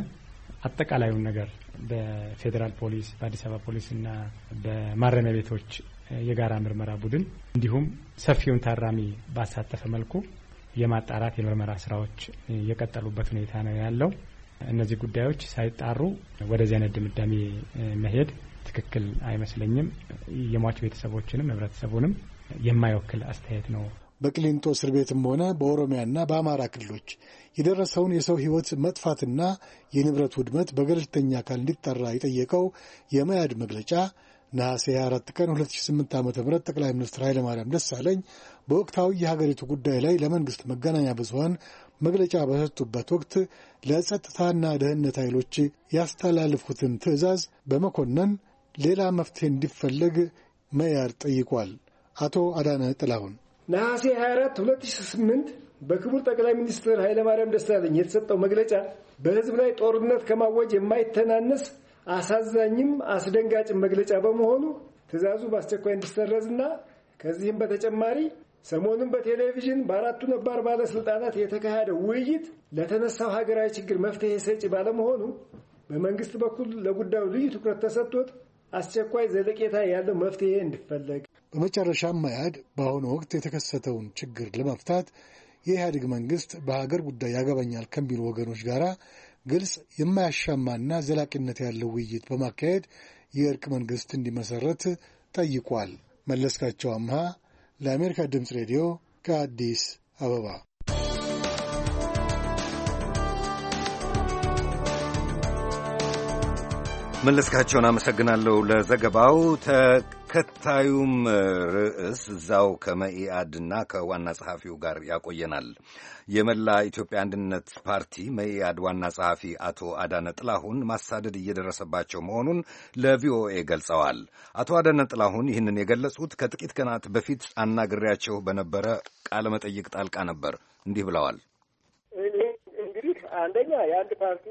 አጠቃላዩን ነገር በፌዴራል ፖሊስ፣ በአዲስ አበባ ፖሊስ እና በማረሚያ ቤቶች የጋራ ምርመራ ቡድን እንዲሁም ሰፊውን ታራሚ ባሳተፈ መልኩ የማጣራት የምርመራ ስራዎች የቀጠሉበት ሁኔታ ነው ያለው። እነዚህ ጉዳዮች ሳይጣሩ ወደዚህ አይነት ድምዳሜ መሄድ ትክክል አይመስለኝም። የሟች ቤተሰቦችንም ህብረተሰቡንም የማይወክል አስተያየት ነው። በቅሊንጦ እስር ቤትም ሆነ በኦሮሚያና በአማራ ክልሎች የደረሰውን የሰው ህይወት መጥፋትና የንብረት ውድመት በገለልተኛ አካል እንዲጠራ የጠየቀው የመያድ መግለጫ ነሐሴ 24 ቀን 2008 ዓ ም ጠቅላይ ሚኒስትር ኃይለማርያም ደሳለኝ በወቅታዊ የሀገሪቱ ጉዳይ ላይ ለመንግስት መገናኛ ብዙኃን መግለጫ በሰጡበት ወቅት ለጸጥታና ደህንነት ኃይሎች ያስተላልፉትን ትዕዛዝ በመኮነን ሌላ መፍትሄ እንዲፈለግ መያር ጠይቋል። አቶ አዳነ ጥላሁን ነሐሴ 24 2008 በክቡር ጠቅላይ ሚኒስትር ኃይለማርያም ደሳለኝ የተሰጠው መግለጫ በህዝብ ላይ ጦርነት ከማወጅ የማይተናነስ አሳዛኝም አስደንጋጭ መግለጫ በመሆኑ ትዕዛዙ በአስቸኳይ እንዲሰረዝና ከዚህም በተጨማሪ ሰሞኑን በቴሌቪዥን በአራቱ ነባር ባለስልጣናት የተካሄደ ውይይት ለተነሳው ሀገራዊ ችግር መፍትሄ ሰጪ ባለመሆኑ በመንግስት በኩል ለጉዳዩ ልዩ ትኩረት ተሰጥቶት አስቸኳይ ዘለቄታ ያለው መፍትሄ እንዲፈለግ። በመጨረሻም መያድ በአሁኑ ወቅት የተከሰተውን ችግር ለመፍታት የኢህአዴግ መንግስት በሀገር ጉዳይ ያገባኛል ከሚሉ ወገኖች ጋር ግልጽ የማያሻማና ዘላቂነት ያለው ውይይት በማካሄድ የእርቅ መንግሥት እንዲመሠረት ጠይቋል። መለስካቸው አምሃ ለአሜሪካ ድምፅ ሬዲዮ ከአዲስ አበባ መለስካቸውን አመሰግናለሁ ለዘገባው። ተከታዩም ርዕስ እዛው ከመኢአድና ከዋና ጸሐፊው ጋር ያቆየናል። የመላ ኢትዮጵያ አንድነት ፓርቲ መኢአድ ዋና ጸሐፊ አቶ አዳነ ጥላሁን ማሳደድ እየደረሰባቸው መሆኑን ለቪኦኤ ገልጸዋል። አቶ አዳነ ጥላሁን ይህንን የገለጹት ከጥቂት ቀናት በፊት አናግሬያቸው በነበረ ቃለመጠይቅ ጣልቃ ነበር። እንዲህ ብለዋል። እንግዲህ አንደኛ የአንድ ፓርቲ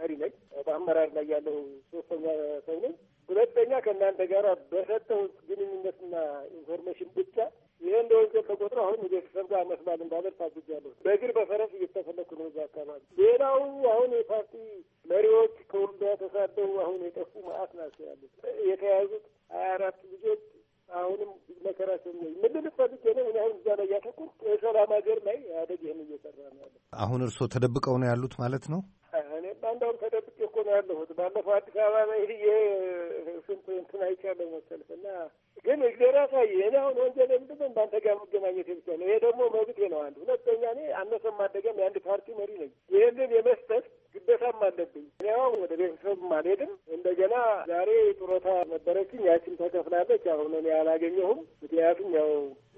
መሪ ነኝ በአመራር ላይ ያለው ሶስተኛ ሰው ነኝ። ሁለተኛ ከእናንተ ጋር በሰጠሁት ግንኙነትና ኢንፎርሜሽን ብቻ ይሄ እንደ ወንጀል ተቆጥሮ አሁን ቤተሰብ ጋር መስማል እንዳደር ታግጃለሁ። በእግር በፈረስ እየተፈለኩ ነው እዛ አካባቢ። ሌላው አሁን የፓርቲ መሪዎች ከወልዲያ ተሳደው አሁን የጠፉ ማአት ናቸው ያሉት። የተያዙት ሀያ አራት ልጆች አሁንም መከራቸው ነው ምልል ፈልጌ ነው እኔ አሁን እዛ ላይ ያተኩር የሰላም ሀገር ላይ አደግ ይህን እየሰራ ነው ያለ። አሁን እርስዎ ተደብቀው ነው ያሉት ማለት ነው? እኔ እንደውም ተደብቄ እኮ ነው ያለሁት። ባለፈው አዲስ አበባ ላይ ይሄ ስንት እንትን አይቻለሁ መሰልህ እና ግን እግዜር ያሳየህ። እኔ አሁን ወንጀል የምንድን ነው እንዳንተ ጋር መገናኘት ብቻ ነው። ይሄ ደግሞ መብቴ ነው። አንድ ሁለተኛ፣ እኔ አነሰም አደገም የአንድ ፓርቲ መሪ ነኝ። ይህንን የመስጠት ግዴታም አለብኝ። እኔ አሁን ወደ ቤተሰብም አልሄድም። እንደገና ዛሬ ጡረታ ነበረችኝ፣ ያችን ተከፍላለች። አሁን እኔ አላገኘሁም። ምክንያቱም ያው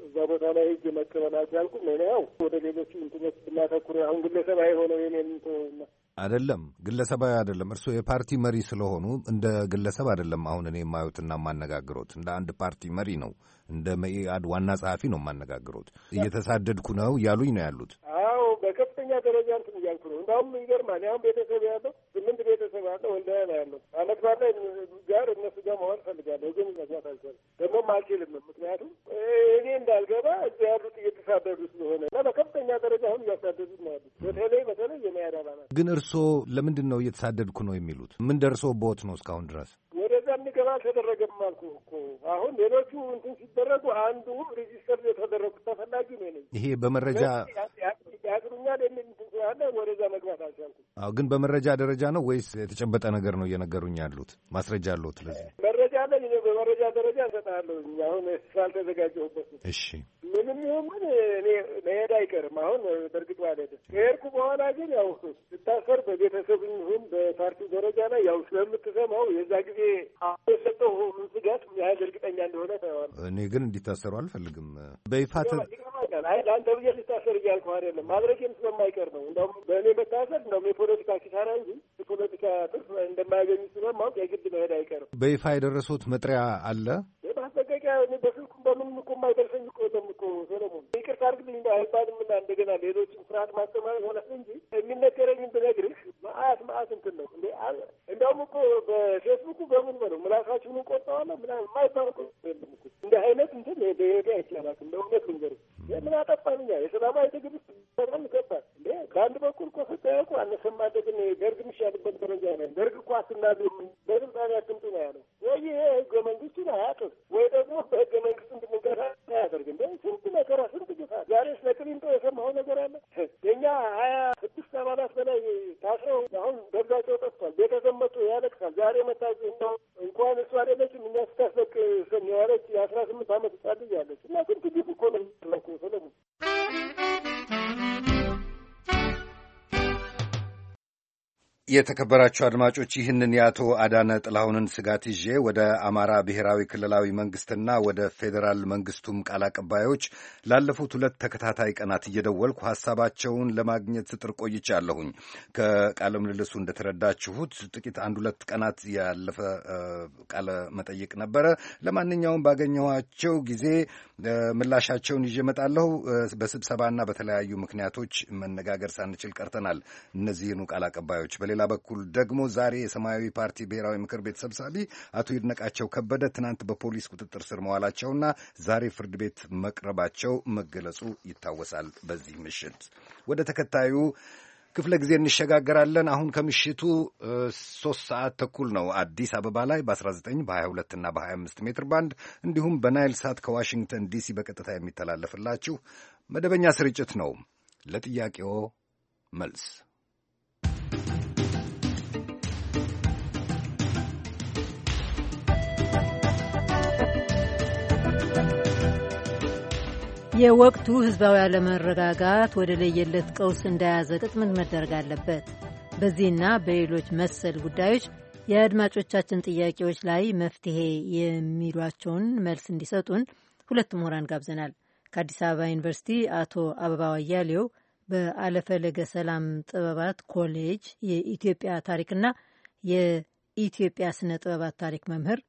እዛ ቦታ ላይ ህጅ መቀበል አልቻልኩም። እኔ ያው ወደ ሌሎች እንትኖች ብናተኩር አሁን ግለሰብ አይሆነው የኔ አይደለም፣ ግለሰባዊ አይደለም። እርስዎ የፓርቲ መሪ ስለሆኑ እንደ ግለሰብ አይደለም። አሁን እኔ የማዩትና የማነጋግሮት እንደ አንድ ፓርቲ መሪ ነው፣ እንደ መኢአድ ዋና ጸሐፊ ነው የማነጋግሮት። እየተሳደድኩ ነው እያሉኝ ነው ያሉት። አዎ በከፍተኛ ደረጃ እንትን እያልኩ ነው። እንዳሁም ይገርማል። አሁን ቤተሰብ ያለው ስምንት ቤተሰብ ያለው ወልዳ ነው ያለው። አመት በዓል ጋር እነሱ ጋር መሆን ፈልጋለሁ፣ ግን መግባት አልቻልኩም። ደግሞም አልችልም፣ ምክንያቱም እኔ እንዳልገባ እዚህ ያሉት እየተሳደዱ ስለሆነ እና በከፍተኛ ደረጃ አሁን እያሳደዱት ነው ያሉት በተለይ ግን እርስዎ ለምንድን ነው እየተሳደድኩ ነው የሚሉት? ምን ደርሶ ቦት ነው እስካሁን ድረስ ወደዛ እንገባ አልተደረገም አልኩ እኮ። አሁን ሌሎቹ እንትን ሲደረጉ አንዱ ሬጂስተር የተደረጉ ተፈላጊ ነው ነኝ። ይሄ በመረጃ ያቅሩኛል የሚል ስላለ ወደዛ መግባት አልቻልኩም። አዎ፣ ግን በመረጃ ደረጃ ነው ወይስ የተጨበጠ ነገር ነው እየነገሩኝ ያሉት? ማስረጃ አለሁት ለዚህ መረጃ አለኝ። በመረጃ ደረጃ እሰጥሃለሁ። አሁን ስላልተዘጋጀሁበት። እሺ ምንም ይሁን ምን እኔ መሄድ አይቀርም። አሁን በእርግጥ ማለት ከሄድኩ በኋላ ግን ያው ስታሰር በቤተሰብ ይሁን በፓርቲ ደረጃ ላይ ያው ስለምትሰማው የዛ ጊዜ የሰጠው ስጋት ያህል እርግጠኛ እንደሆነ ታዋል። እኔ ግን እንዲታሰሩ አልፈልግም። በይፋ ለአንተ ብዬ ልታሰር እያልኩ አይደለም። ማድረጌም ስለማይቀር ነው። እንደውም በእኔ መታሰር እንደውም የፖለቲካ ኪሳራ እንጂ የፖለቲካ ትርፍ እንደማያገኙ ስለማውቅ የግድ መሄድ አይቀርም። በይፋ የደረሱት መጥሪያ አለ ማስጠንቀቂያ በስልኩም በምንም እኮ የማይደርስ አይባልም እና እንደገና ሌሎችን ፍርሃት ማስተማር ሆነ እንጂ የሚነገረኝን ብነግርህ ማአት ማአት እንትን ነው እንዴ አለ። እንዲያውም እኮ በፌስቡኩ በምን በለው ምላሳችሁን ቆጠዋለ ምና የማይባል እንደ አይነት እንትን በሄደ አይቻላት እንደ እውነት ልንገርህ ምን አጠፋንኛ የሰላማዊ ትግል በጣም ይገባል እንዴ በአንድ በኩል እኮ ስታየው እኮ አነሰም ደርግ የሚሻልበት ደረጃ ላይ ደርግ እኮ አስናዱ የተከበራቸው አድማጮች ይህንን የአቶ አዳነ ጥላሁንን ስጋት ይዤ ወደ አማራ ብሔራዊ ክልላዊ መንግስትና ወደ ፌዴራል መንግስቱም ቃል አቀባዮች ላለፉት ሁለት ተከታታይ ቀናት እየደወልኩ ሀሳባቸውን ለማግኘት ስጥር ቆይቻለሁኝ። ከቃለ ምልልሱ እንደተረዳችሁት ጥቂት አንድ ሁለት ቀናት ያለፈ ቃለ መጠይቅ ነበረ። ለማንኛውም ባገኘኋቸው ጊዜ ምላሻቸውን ይዤ እመጣለሁ። በስብሰባና በተለያዩ ምክንያቶች መነጋገር ሳንችል ቀርተናል። እነዚህኑ ቃል አቀባዮች በሌላ በኩል ደግሞ ዛሬ የሰማያዊ ፓርቲ ብሔራዊ ምክር ቤት ሰብሳቢ አቶ ይድነቃቸው ከበደ ትናንት በፖሊስ ቁጥጥር ስር መዋላቸውና ዛሬ ፍርድ ቤት መቅረባቸው መገለጹ ይታወሳል። በዚህ ምሽት ወደ ተከታዩ ክፍለ ጊዜ እንሸጋገራለን። አሁን ከምሽቱ ሶስት ሰዓት ተኩል ነው አዲስ አበባ ላይ በ19 በ22 እና በ25 ሜትር ባንድ እንዲሁም በናይል ሳት ከዋሽንግተን ዲሲ በቀጥታ የሚተላለፍላችሁ መደበኛ ስርጭት ነው። ለጥያቄዎ መልስ የወቅቱ ህዝባዊ አለመረጋጋት ወደ ለየለት ቀውስ እንዳያዘ ቅጥምን መደረግ አለበት? በዚህና በሌሎች መሰል ጉዳዮች የአድማጮቻችን ጥያቄዎች ላይ መፍትሄ የሚሏቸውን መልስ እንዲሰጡን ሁለት ምሁራን ጋብዘናል። ከአዲስ አበባ ዩኒቨርሲቲ አቶ አበባ አያሌው በአለፈለገ ሰላም ጥበባት ኮሌጅ የኢትዮጵያ ታሪክና የኢትዮጵያ ስነ ጥበባት ታሪክ መምህር፣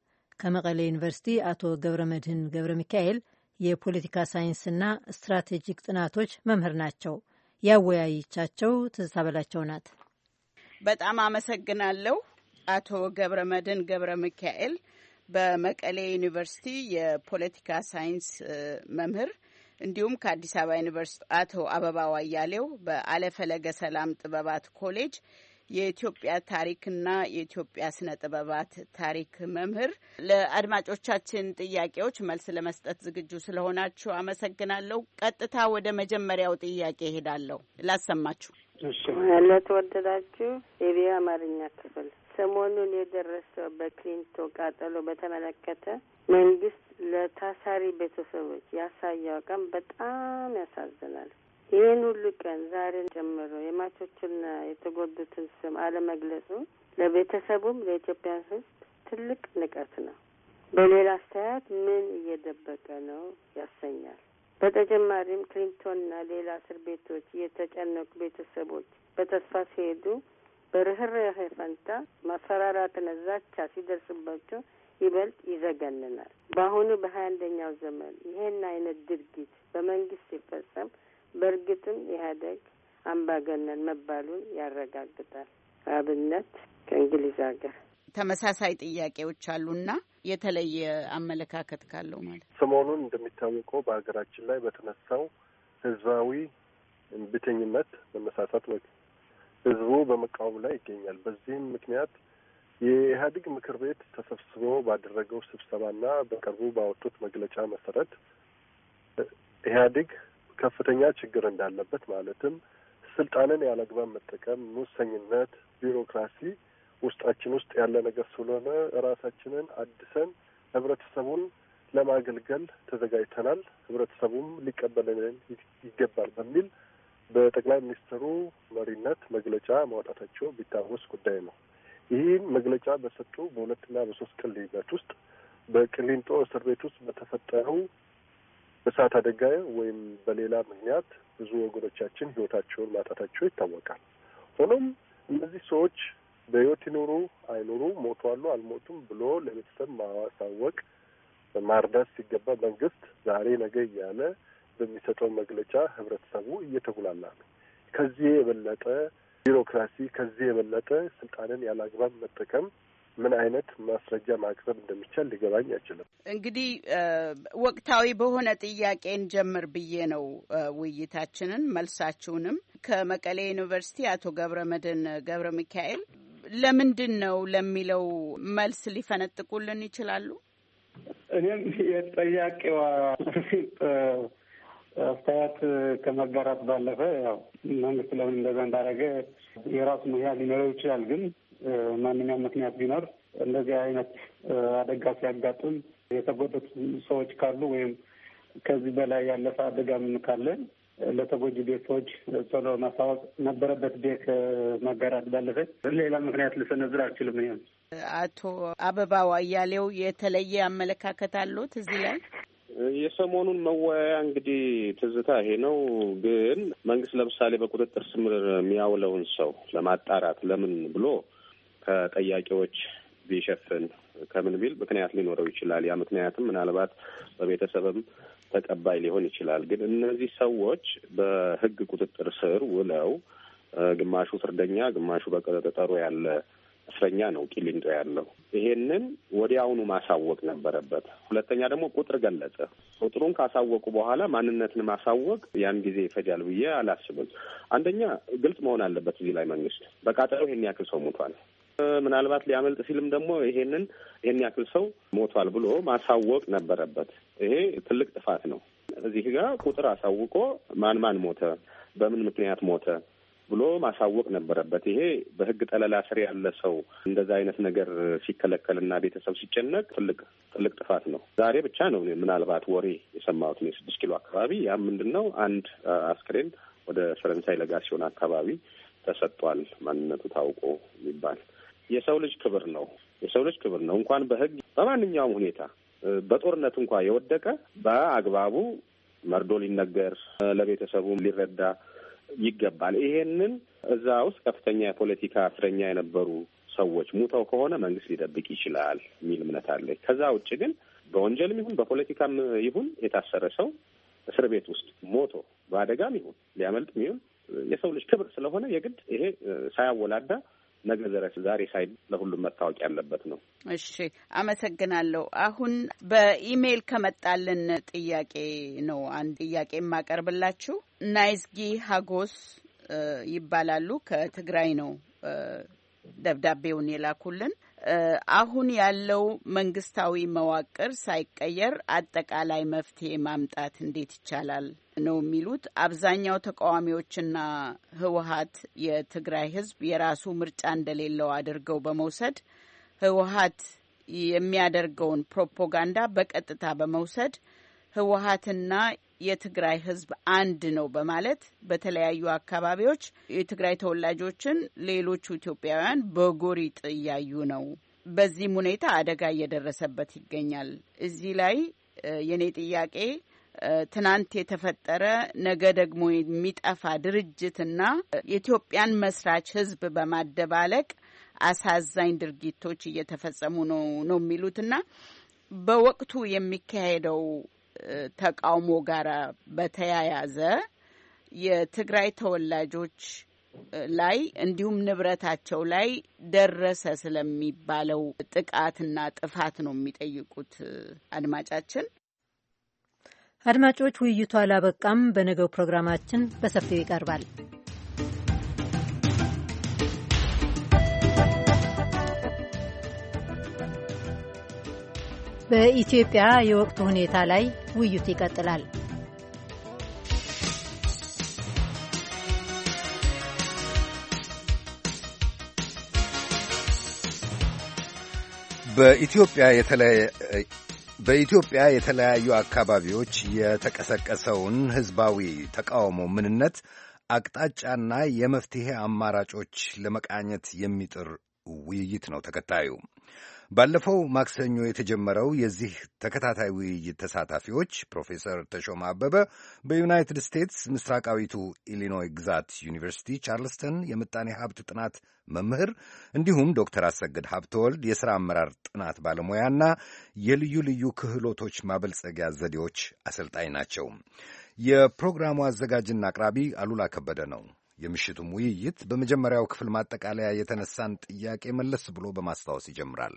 ከመቀሌ ዩኒቨርሲቲ አቶ ገብረ መድህን ገብረ ሚካኤል የፖለቲካ ሳይንስና ስትራቴጂክ ጥናቶች መምህር ናቸው። ያወያየቻቸው ትዝታ በላቸው ናት። በጣም አመሰግናለሁ አቶ ገብረ መድን ገብረ ሚካኤል በመቀሌ ዩኒቨርሲቲ የፖለቲካ ሳይንስ መምህር እንዲሁም ከአዲስ አበባ ዩኒቨርሲቲ አቶ አበባ ዋያሌው በአለፈለገ ሰላም ጥበባት ኮሌጅ የኢትዮጵያ ታሪክና የኢትዮጵያ ስነ ጥበባት ታሪክ መምህር። ለአድማጮቻችን ጥያቄዎች መልስ ለመስጠት ዝግጁ ስለሆናችሁ አመሰግናለሁ። ቀጥታ ወደ መጀመሪያው ጥያቄ እሄዳለሁ። ላሰማችሁ። ለተወደዳችሁ የቪኦኤ አማርኛ ክፍል ሰሞኑን የደረሰው በክሊንቶ ቃጠሎ በተመለከተ መንግስት ለታሳሪ ቤተሰቦች ያሳየው አቋም በጣም ያሳዝናል። ይህን ሁሉ ቀን ዛሬን ጨምሮ የማቾችና የተጎዱትን ስም አለመግለጹ ለቤተሰቡም ለኢትዮጵያ ሕዝብ ትልቅ ንቀት ነው። በሌላ አስተያየት ምን እየደበቀ ነው ያሰኛል። በተጨማሪም ክሊንቶንና ሌላ እስር ቤቶች የተጨነቁ ቤተሰቦች በተስፋ ሲሄዱ በርኅራኄ ፈንታ ማስፈራራትና ዛቻ ሲደርስባቸው ይበልጥ ይዘገንናል። በአሁኑ በሀያ አንደኛው ዘመን ይህን አይነት ድርጊት በመንግስት ሲፈጸም በእርግጥም ኢህአዴግ አምባገነን መባሉን ያረጋግጣል። አብነት ከእንግሊዝ ሀገር ተመሳሳይ ጥያቄዎች አሉና የተለየ አመለካከት ካለው ማለት ሰሞኑን እንደሚታወቀው በሀገራችን ላይ በተነሳው ህዝባዊ እምቢተኝነት መመሳሳት ነው። ህዝቡ በመቃወም ላይ ይገኛል። በዚህም ምክንያት የኢህአዴግ ምክር ቤት ተሰብስቦ ባደረገው ስብሰባና በቅርቡ ባወጡት መግለጫ መሰረት ኢህአዴግ ከፍተኛ ችግር እንዳለበት ማለትም ስልጣንን ያላግባብ መጠቀም፣ ሙሰኝነት፣ ቢሮክራሲ ውስጣችን ውስጥ ያለ ነገር ስለሆነ ራሳችንን አድሰን ህብረተሰቡን ለማገልገል ተዘጋጅተናል፣ ህብረተሰቡም ሊቀበለን ይገባል በሚል በጠቅላይ ሚኒስትሩ መሪነት መግለጫ ማውጣታቸው ቢታወስ ጉዳይ ነው። ይህን መግለጫ በሰጡ በሁለትና በሶስት ቀን ልዩነት ውስጥ በቅሊንጦ እስር ቤት ውስጥ በተፈጠሩ በእሳት አደጋ ወይም በሌላ ምክንያት ብዙ ወገኖቻችን ህይወታቸውን ማጣታቸው ይታወቃል። ሆኖም እነዚህ ሰዎች በህይወት ይኑሩ አይኑሩ፣ አሉ አልሞቱም ብሎ ለቤተሰብ ማሳወቅ ማርዳት ሲገባ መንግስት ዛሬ ነገ እያለ በሚሰጠው መግለጫ ህብረተሰቡ እየተጉላላ ነው። ከዚህ የበለጠ ቢሮክራሲ፣ ከዚህ የበለጠ ስልጣንን ያለ አግባብ መጠቀም ምን አይነት ማስረጃ ማቅረብ እንደሚቻል ሊገባኝ አይችልም። እንግዲህ ወቅታዊ በሆነ ጥያቄ እንጀምር ብዬ ነው ውይይታችንን መልሳችሁንም ከመቀሌ ዩኒቨርሲቲ አቶ ገብረ መድህን ገብረ ሚካኤል ለምንድን ነው ለሚለው መልስ ሊፈነጥቁልን ይችላሉ? እኔ እንግዲህ የጠያቄዋ አስተያየት ከመጋራት ባለፈ ያው መንግስት ለምን እንደዛ እንዳደረገ የራሱ ምክንያት ሊኖረው ይችላል ግን ማንኛውም ምክንያት ቢኖር እንደዚህ አይነት አደጋ ሲያጋጥም የተጎዱት ሰዎች ካሉ ወይም ከዚህ በላይ ያለፈ አደጋም ካለ ለተጎጂ ቤተሰቦች ቶሎ ማሳወቅ ነበረበት። ቤት መጋራት ባለፈ ሌላ ምክንያት ልሰነዝር አልችልም። አቶ አበባው አያሌው የተለየ አመለካከት አሉት እዚህ ላይ? የሰሞኑን መወያያ እንግዲህ ትዝታ ይሄ ነው። ግን መንግስት ለምሳሌ በቁጥጥር ስር የሚያውለውን ሰው ለማጣራት ለምን ብሎ ከጠያቂዎች ቢሸፍን ከምን ቢል ምክንያት ሊኖረው ይችላል። ያ ምክንያትም ምናልባት በቤተሰብም ተቀባይ ሊሆን ይችላል። ግን እነዚህ ሰዎች በህግ ቁጥጥር ስር ውለው ግማሹ ፍርደኛ፣ ግማሹ በቀጠጠሩ ያለ እስረኛ ነው ቂሊንጦ ያለው። ይሄንን ወዲያውኑ ማሳወቅ ነበረበት። ሁለተኛ ደግሞ ቁጥር ገለጸ። ቁጥሩን ካሳወቁ በኋላ ማንነትን ማሳወቅ ያን ጊዜ ይፈጃል ብዬ አላስብም። አንደኛ ግልጽ መሆን አለበት እዚህ ላይ መንግስት በቃጠሎ ይሄን ያክል ሰው ሙቷል፣ ምናልባት ሊያመልጥ ሲልም ደግሞ ይሄንን ይሄን ያክል ሰው ሞቷል ብሎ ማሳወቅ ነበረበት። ይሄ ትልቅ ጥፋት ነው። እዚህ ጋር ቁጥር አሳውቆ ማን ማን ሞተ፣ በምን ምክንያት ሞተ ብሎ ማሳወቅ ነበረበት። ይሄ በህግ ጠለላ ስር ያለ ሰው እንደዛ አይነት ነገር ሲከለከልና ቤተሰብ ሲጨነቅ ትልቅ ትልቅ ጥፋት ነው። ዛሬ ብቻ ነው ምናልባት ወሬ የሰማሁት ስድስት ኪሎ አካባቢ ያም ምንድን ነው አንድ አስክሬን ወደ ፈረንሳይ ለጋሲዮን አካባቢ ተሰጥቷል ማንነቱ ታውቆ የሚባል የሰው ልጅ ክብር ነው። የሰው ልጅ ክብር ነው። እንኳን በህግ በማንኛውም ሁኔታ በጦርነት እንኳ የወደቀ በአግባቡ መርዶ ሊነገር ለቤተሰቡ ሊረዳ ይገባል። ይሄንን እዛ ውስጥ ከፍተኛ የፖለቲካ እስረኛ የነበሩ ሰዎች ሙተው ከሆነ መንግስት ሊደብቅ ይችላል የሚል እምነት አለኝ። ከዛ ውጭ ግን በወንጀልም ይሁን በፖለቲካም ይሁን የታሰረ ሰው እስር ቤት ውስጥ ሞቶ በአደጋም ይሁን ሊያመልጥም ይሁን የሰው ልጅ ክብር ስለሆነ የግድ ይሄ ሳያወላዳ ነገ ዘረስ ዛሬ ሳይ ለሁሉም መታወቅ ያለበት ነው። እሺ አመሰግናለሁ። አሁን በኢሜይል ከመጣልን ጥያቄ ነው አንድ ጥያቄ የማቀርብላችሁ። ናይዝጊ ሀጎስ ይባላሉ። ከትግራይ ነው ደብዳቤውን የላኩልን። አሁን ያለው መንግስታዊ መዋቅር ሳይቀየር አጠቃላይ መፍትሄ ማምጣት እንዴት ይቻላል ነው የሚሉት አብዛኛው ተቃዋሚዎችና ህወሀት የትግራይ ህዝብ የራሱ ምርጫ እንደሌለው አድርገው በመውሰድ ህወሀት የሚያደርገውን ፕሮፓጋንዳ በቀጥታ በመውሰድ ህወሀትና የትግራይ ህዝብ አንድ ነው በማለት በተለያዩ አካባቢዎች የትግራይ ተወላጆችን ሌሎቹ ኢትዮጵያውያን በጎሪጥ እያዩ ነው። በዚህም ሁኔታ አደጋ እየደረሰበት ይገኛል። እዚህ ላይ የኔ ጥያቄ ትናንት የተፈጠረ ነገ ደግሞ የሚጠፋ ድርጅትና የኢትዮጵያን መስራች ህዝብ በማደባለቅ አሳዛኝ ድርጊቶች እየተፈጸሙ ነው ነው የሚሉትና በወቅቱ የሚካሄደው ተቃውሞ ጋር በተያያዘ የትግራይ ተወላጆች ላይ እንዲሁም ንብረታቸው ላይ ደረሰ ስለሚባለው ጥቃትና ጥፋት ነው የሚጠይቁት አድማጫችን። አድማጮች፣ ውይይቱ አላበቃም። በነገው ፕሮግራማችን በሰፊው ይቀርባል። በኢትዮጵያ የወቅቱ ሁኔታ ላይ ውይይቱ ይቀጥላል። በኢትዮጵያ በኢትዮጵያ የተለያዩ አካባቢዎች የተቀሰቀሰውን ሕዝባዊ ተቃውሞ ምንነት አቅጣጫና የመፍትሔ አማራጮች ለመቃኘት የሚጥር ውይይት ነው ተከታዩ። ባለፈው ማክሰኞ የተጀመረው የዚህ ተከታታይ ውይይት ተሳታፊዎች ፕሮፌሰር ተሾማ አበበ በዩናይትድ ስቴትስ ምስራቃዊቱ ኢሊኖይ ግዛት ዩኒቨርሲቲ ቻርልስተን የምጣኔ ሀብት ጥናት መምህር እንዲሁም ዶክተር አሰግድ ሀብተወልድ የሥራ አመራር ጥናት ባለሙያና የልዩ ልዩ ክህሎቶች ማበልጸጊያ ዘዴዎች አሰልጣኝ ናቸው። የፕሮግራሙ አዘጋጅና አቅራቢ አሉላ ከበደ ነው። የምሽቱም ውይይት በመጀመሪያው ክፍል ማጠቃለያ የተነሳን ጥያቄ መለስ ብሎ በማስታወስ ይጀምራል።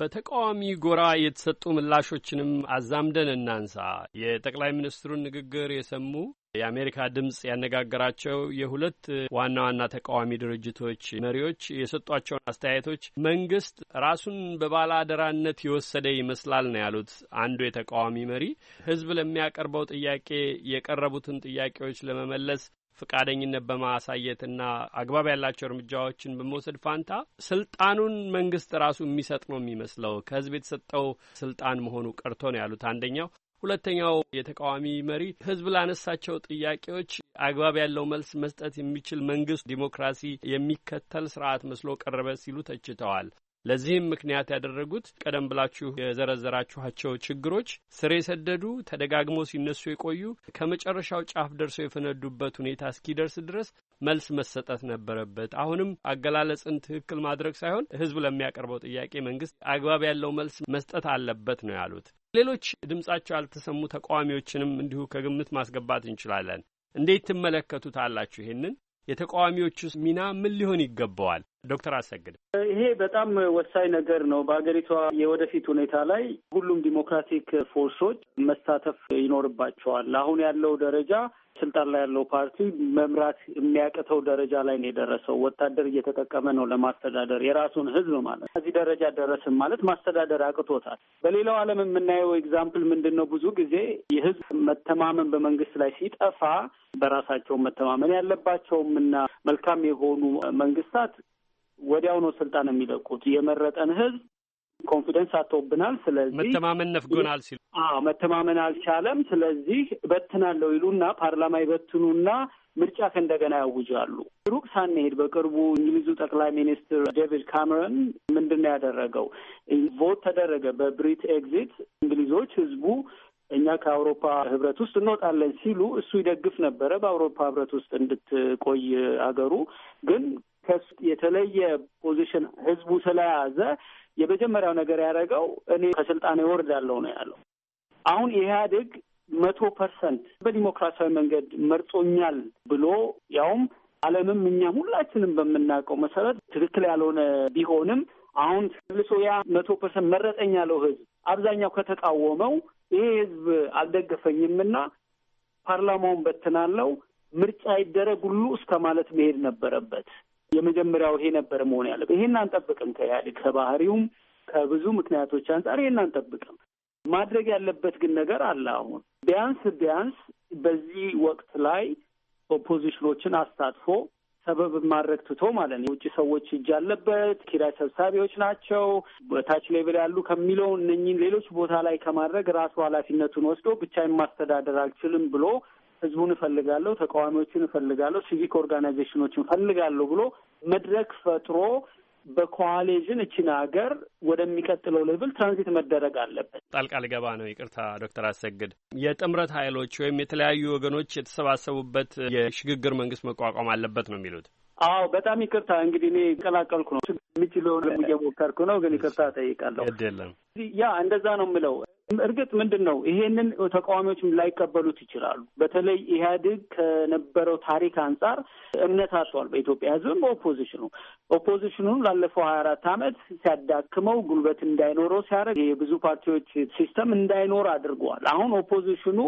በተቃዋሚ ጎራ የተሰጡ ምላሾችንም አዛምደን እናንሳ። የጠቅላይ ሚኒስትሩን ንግግር የሰሙ የአሜሪካ ድምፅ ያነጋገራቸው የሁለት ዋና ዋና ተቃዋሚ ድርጅቶች መሪዎች የሰጧቸውን አስተያየቶች መንግስት ራሱን በባለ አደራነት የወሰደ ይመስላል ነው ያሉት። አንዱ የተቃዋሚ መሪ ህዝብ ለሚያቀርበው ጥያቄ የቀረቡትን ጥያቄዎች ለመመለስ ፈቃደኝነት በማሳየትና አግባብ ያላቸው እርምጃዎችን በመውሰድ ፋንታ ስልጣኑን መንግስት ራሱ የሚሰጥ ነው የሚመስለው። ከህዝብ የተሰጠው ስልጣን መሆኑ ቀርቶ ነው ያሉት አንደኛው። ሁለተኛው የተቃዋሚ መሪ ህዝብ ላነሳቸው ጥያቄዎች አግባብ ያለው መልስ መስጠት የሚችል መንግስት ዲሞክራሲ የሚከተል ስርዓት መስሎ ቀረበ ሲሉ ተችተዋል። ለዚህም ምክንያት ያደረጉት ቀደም ብላችሁ የዘረዘራችኋቸው ችግሮች ስር የሰደዱ ተደጋግሞ ሲነሱ የቆዩ ከመጨረሻው ጫፍ ደርሰው የፈነዱበት ሁኔታ እስኪደርስ ድረስ መልስ መሰጠት ነበረበት። አሁንም አገላለጽን ትክክል ማድረግ ሳይሆን ህዝብ ለሚያቀርበው ጥያቄ መንግስት አግባብ ያለው መልስ መስጠት አለበት ነው ያሉት። ሌሎች ድምጻቸው ያልተሰሙ ተቃዋሚዎችንም እንዲሁ ከግምት ማስገባት እንችላለን። እንዴት ትመለከቱት አላችሁ? ይህንን የተቃዋሚዎቹ ሚና ምን ሊሆን ይገባዋል? ዶክተር አሰግድ ይሄ በጣም ወሳኝ ነገር ነው። በሀገሪቷ የወደፊት ሁኔታ ላይ ሁሉም ዲሞክራቲክ ፎርሶች መሳተፍ ይኖርባቸዋል። አሁን ያለው ደረጃ ስልጣን ላይ ያለው ፓርቲ መምራት የሚያቅተው ደረጃ ላይ ነው የደረሰው። ወታደር እየተጠቀመ ነው ለማስተዳደር የራሱን ህዝብ ማለት እዚህ ደረጃ ደረስም ማለት ማስተዳደር አቅቶታል። በሌላው ዓለም የምናየው ኤግዛምፕል ምንድን ነው? ብዙ ጊዜ የህዝብ መተማመን በመንግስት ላይ ሲጠፋ በራሳቸው መተማመን ያለባቸውም እና መልካም የሆኑ መንግስታት ወዲያው ነው ስልጣን የሚለቁት። የመረጠን ህዝብ ኮንፊደንስ አቶብናል ስለዚህ መተማመን ነፍጎናል ሲሉ መተማመን አልቻለም፣ ስለዚህ እበትናለሁ ይሉና ፓርላማ ይበትኑና ምርጫ ከእንደገና ያውጃሉ። ሩቅ ሳንሄድ በቅርቡ እንግሊዙ ጠቅላይ ሚኒስትር ዴቪድ ካሜሮን ምንድን ነው ያደረገው? ቮት ተደረገ በብሪት ኤግዚት። እንግሊዞች ህዝቡ እኛ ከአውሮፓ ህብረት ውስጥ እንወጣለን ሲሉ እሱ ይደግፍ ነበረ፣ በአውሮፓ ህብረት ውስጥ እንድትቆይ አገሩ ግን ከሱ የተለየ ፖዚሽን ህዝቡ ስለያዘ የመጀመሪያው ነገር ያደረገው እኔ ከስልጣን እወርዳለሁ ነው ያለው። አሁን ኢህአዴግ መቶ ፐርሰንት በዲሞክራሲያዊ መንገድ መርጦኛል ብሎ ያውም ዓለምም እኛ ሁላችንም በምናውቀው መሰረት ትክክል ያልሆነ ቢሆንም አሁን መልሶ ያ መቶ ፐርሰንት መረጠኝ ያለው ህዝብ አብዛኛው ከተቃወመው ይሄ ህዝብ አልደገፈኝምና ፓርላማውን በትናለው ምርጫ ይደረግ ሁሉ እስከ ማለት መሄድ ነበረበት። የመጀመሪያው ይሄ ነበር መሆን ያለበት። ይሄን አንጠብቅም ከኢህአዴግ ከባህሪውም ከብዙ ምክንያቶች አንጻር ይሄን አንጠብቅም። ማድረግ ያለበት ግን ነገር አለ። አሁን ቢያንስ ቢያንስ በዚህ ወቅት ላይ ኦፖዚሽኖችን አሳትፎ ሰበብ ማድረግ ትቶ ማለት ነው። የውጭ ሰዎች እጅ አለበት፣ ኪራይ ሰብሳቢዎች ናቸው፣ በታች ሌቭል ያሉ ከሚለው እነኝን ሌሎች ቦታ ላይ ከማድረግ ራሱ ኃላፊነቱን ወስዶ ብቻዬን ማስተዳደር አልችልም ብሎ ህዝቡን እፈልጋለሁ፣ ተቃዋሚዎችን እፈልጋለሁ፣ ሲቪክ ኦርጋናይዜሽኖችን እፈልጋለሁ ብሎ መድረክ ፈጥሮ በኮዋሌዥን እችን ሀገር ወደሚቀጥለው ሌቭል ትራንዚት መደረግ አለበት። ጣልቃ ልገባ ነው፣ ይቅርታ ዶክተር አሰግድ። የጥምረት ኃይሎች ወይም የተለያዩ ወገኖች የተሰባሰቡበት የሽግግር መንግስት መቋቋም አለበት ነው የሚሉት። አዎ በጣም ይቅርታ እንግዲህ እኔ ቀላቀልኩ ነው የሚችለውን እየሞከርኩ ነው፣ ግን ይቅርታ ጠይቃለሁ። ያ እንደዛ ነው የምለው እርግጥ ምንድን ነው ይሄንን ተቃዋሚዎች ላይቀበሉት ይችላሉ። በተለይ ኢህአዴግ ከነበረው ታሪክ አንጻር እምነት አጥቷል በኢትዮጵያ ህዝብም በኦፖዚሽኑ ኦፖዚሽኑን ላለፈው ሀያ አራት ዓመት ሲያዳክመው ጉልበት እንዳይኖረው ሲያደርግ የብዙ ፓርቲዎች ሲስተም እንዳይኖር አድርገዋል። አሁን ኦፖዚሽኑ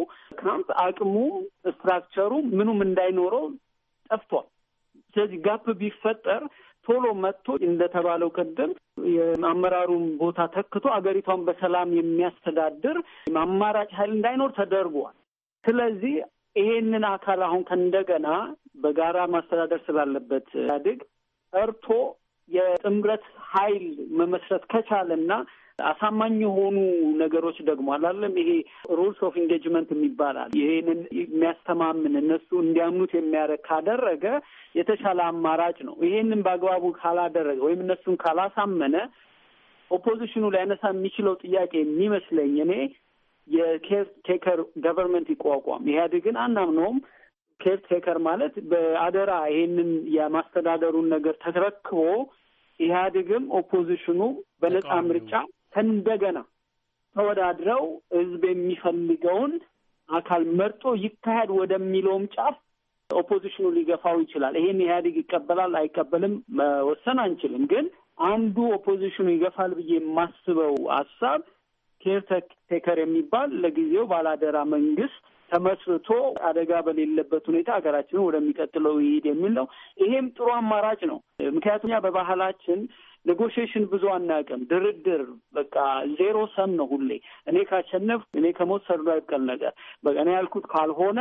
ካምፕ አቅሙ ስትራክቸሩ ምኑም እንዳይኖረው ጠፍቷል። ስለዚህ ጋፕ ቢፈጠር ቶሎ መጥቶ እንደተባለው ቅድም የአመራሩን ቦታ ተክቶ አገሪቷን በሰላም የሚያስተዳድር አማራጭ ኃይል እንዳይኖር ተደርጓል። ስለዚህ ይሄንን አካል አሁን ከእንደገና በጋራ ማስተዳደር ስላለበት ኢህአዴግ ጠርቶ የጥምረት ኃይል መመስረት ከቻለና አሳማኝ የሆኑ ነገሮች ደግሞ አላለም። ይሄ ሩልስ ኦፍ ኢንጌጅመንት የሚባላል ይሄንን የሚያስተማምን እነሱ እንዲያምኑት የሚያደርግ ካደረገ የተሻለ አማራጭ ነው። ይሄንን በአግባቡ ካላደረገ ወይም እነሱን ካላሳመነ ኦፖዚሽኑ ሊያነሳ የሚችለው ጥያቄ የሚመስለኝ እኔ የኬር ቴከር ገቨርንመንት ይቋቋም። ኢህአዴግን አናምነውም። ኬር ቴከር ማለት በአደራ ይሄንን የማስተዳደሩን ነገር ተረክቦ ኢህአዴግም ኦፖዚሽኑ በነጻ ምርጫ ከእንደገና ተወዳድረው ህዝብ የሚፈልገውን አካል መርጦ ይካሄድ ወደሚለውም ጫፍ ኦፖዚሽኑ ሊገፋው ይችላል። ይሄን ኢህአዴግ ይቀበላል አይቀበልም መወሰን አንችልም። ግን አንዱ ኦፖዚሽኑ ይገፋል ብዬ የማስበው ሀሳብ ኬርቴከር የሚባል ለጊዜው ባላደራ መንግስት ተመስርቶ አደጋ በሌለበት ሁኔታ ሀገራችንን ወደሚቀጥለው ይሄድ የሚል ነው። ይሄም ጥሩ አማራጭ ነው። ምክንያቱም በባህላችን ኔጎሽሽን ብዙ አናውቅም። ድርድር በቃ ዜሮ ሰም ነው ሁሌ። እኔ ካሸነፍ እኔ ከሞት ሰርዶ አይቀል ነገር በቃ እኔ ያልኩት ካልሆነ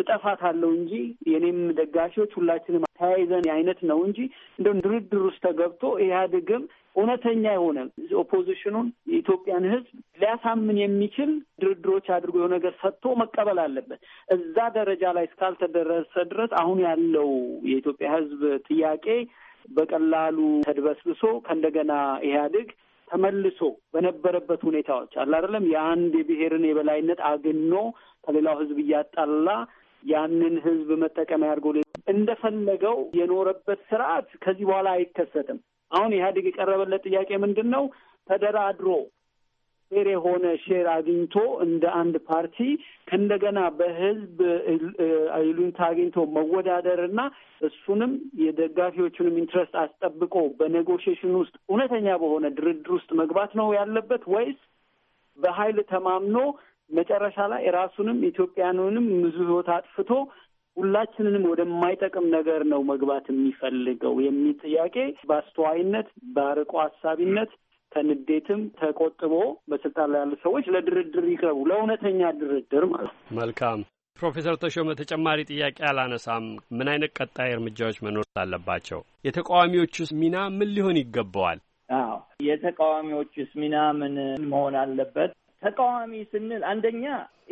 እጠፋታለሁ እንጂ የኔም ደጋፊዎች ሁላችንም ተያይዘን አይነት ነው እንጂ እንደ ድርድር ውስጥ ተገብቶ ኢህአዴግም እውነተኛ የሆነ ኦፖዚሽኑን የኢትዮጵያን ሕዝብ ሊያሳምን የሚችል ድርድሮች አድርጎ የሆነ ነገር ሰጥቶ መቀበል አለበት። እዛ ደረጃ ላይ እስካልተደረሰ ድረስ አሁን ያለው የኢትዮጵያ ሕዝብ ጥያቄ በቀላሉ ተድበስብሶ ከእንደገና ኢህአዴግ ተመልሶ በነበረበት ሁኔታዎች አለ አይደለም የአንድ የብሔርን የበላይነት አግኖ ከሌላው ህዝብ እያጣላ ያንን ህዝብ መጠቀሚያ አድርጎ እንደፈለገው የኖረበት ስርዓት ከዚህ በኋላ አይከሰትም። አሁን ኢህአዴግ የቀረበለት ጥያቄ ምንድን ነው? ተደራድሮ ፌር የሆነ ሼር አግኝቶ እንደ አንድ ፓርቲ ከእንደገና በህዝብ ይሉኝታ አግኝቶ መወዳደር እና እሱንም የደጋፊዎቹንም ኢንትረስት አስጠብቆ በኔጎሽሽን ውስጥ እውነተኛ በሆነ ድርድር ውስጥ መግባት ነው ያለበት ወይስ በኃይል ተማምኖ መጨረሻ ላይ ራሱንም ኢትዮጵያንንም ብዙ ህይወት አጥፍቶ ሁላችንንም ወደማይጠቅም ነገር ነው መግባት የሚፈልገው የሚል ጥያቄ በአስተዋይነት በአርቆ ሀሳቢነት ከንዴትም ተቆጥቦ በስልጣን ላይ ያሉ ሰዎች ለድርድር ይቅረቡ፣ ለእውነተኛ ድርድር ማለት ነው። መልካም ፕሮፌሰር ተሾመ ተጨማሪ ጥያቄ አላነሳም። ምን አይነት ቀጣይ እርምጃዎች መኖር አለባቸው? የተቃዋሚዎቹስ ሚና ምን ሊሆን ይገባዋል? አዎ የተቃዋሚዎቹስ ሚና ምን መሆን አለበት? ተቃዋሚ ስንል አንደኛ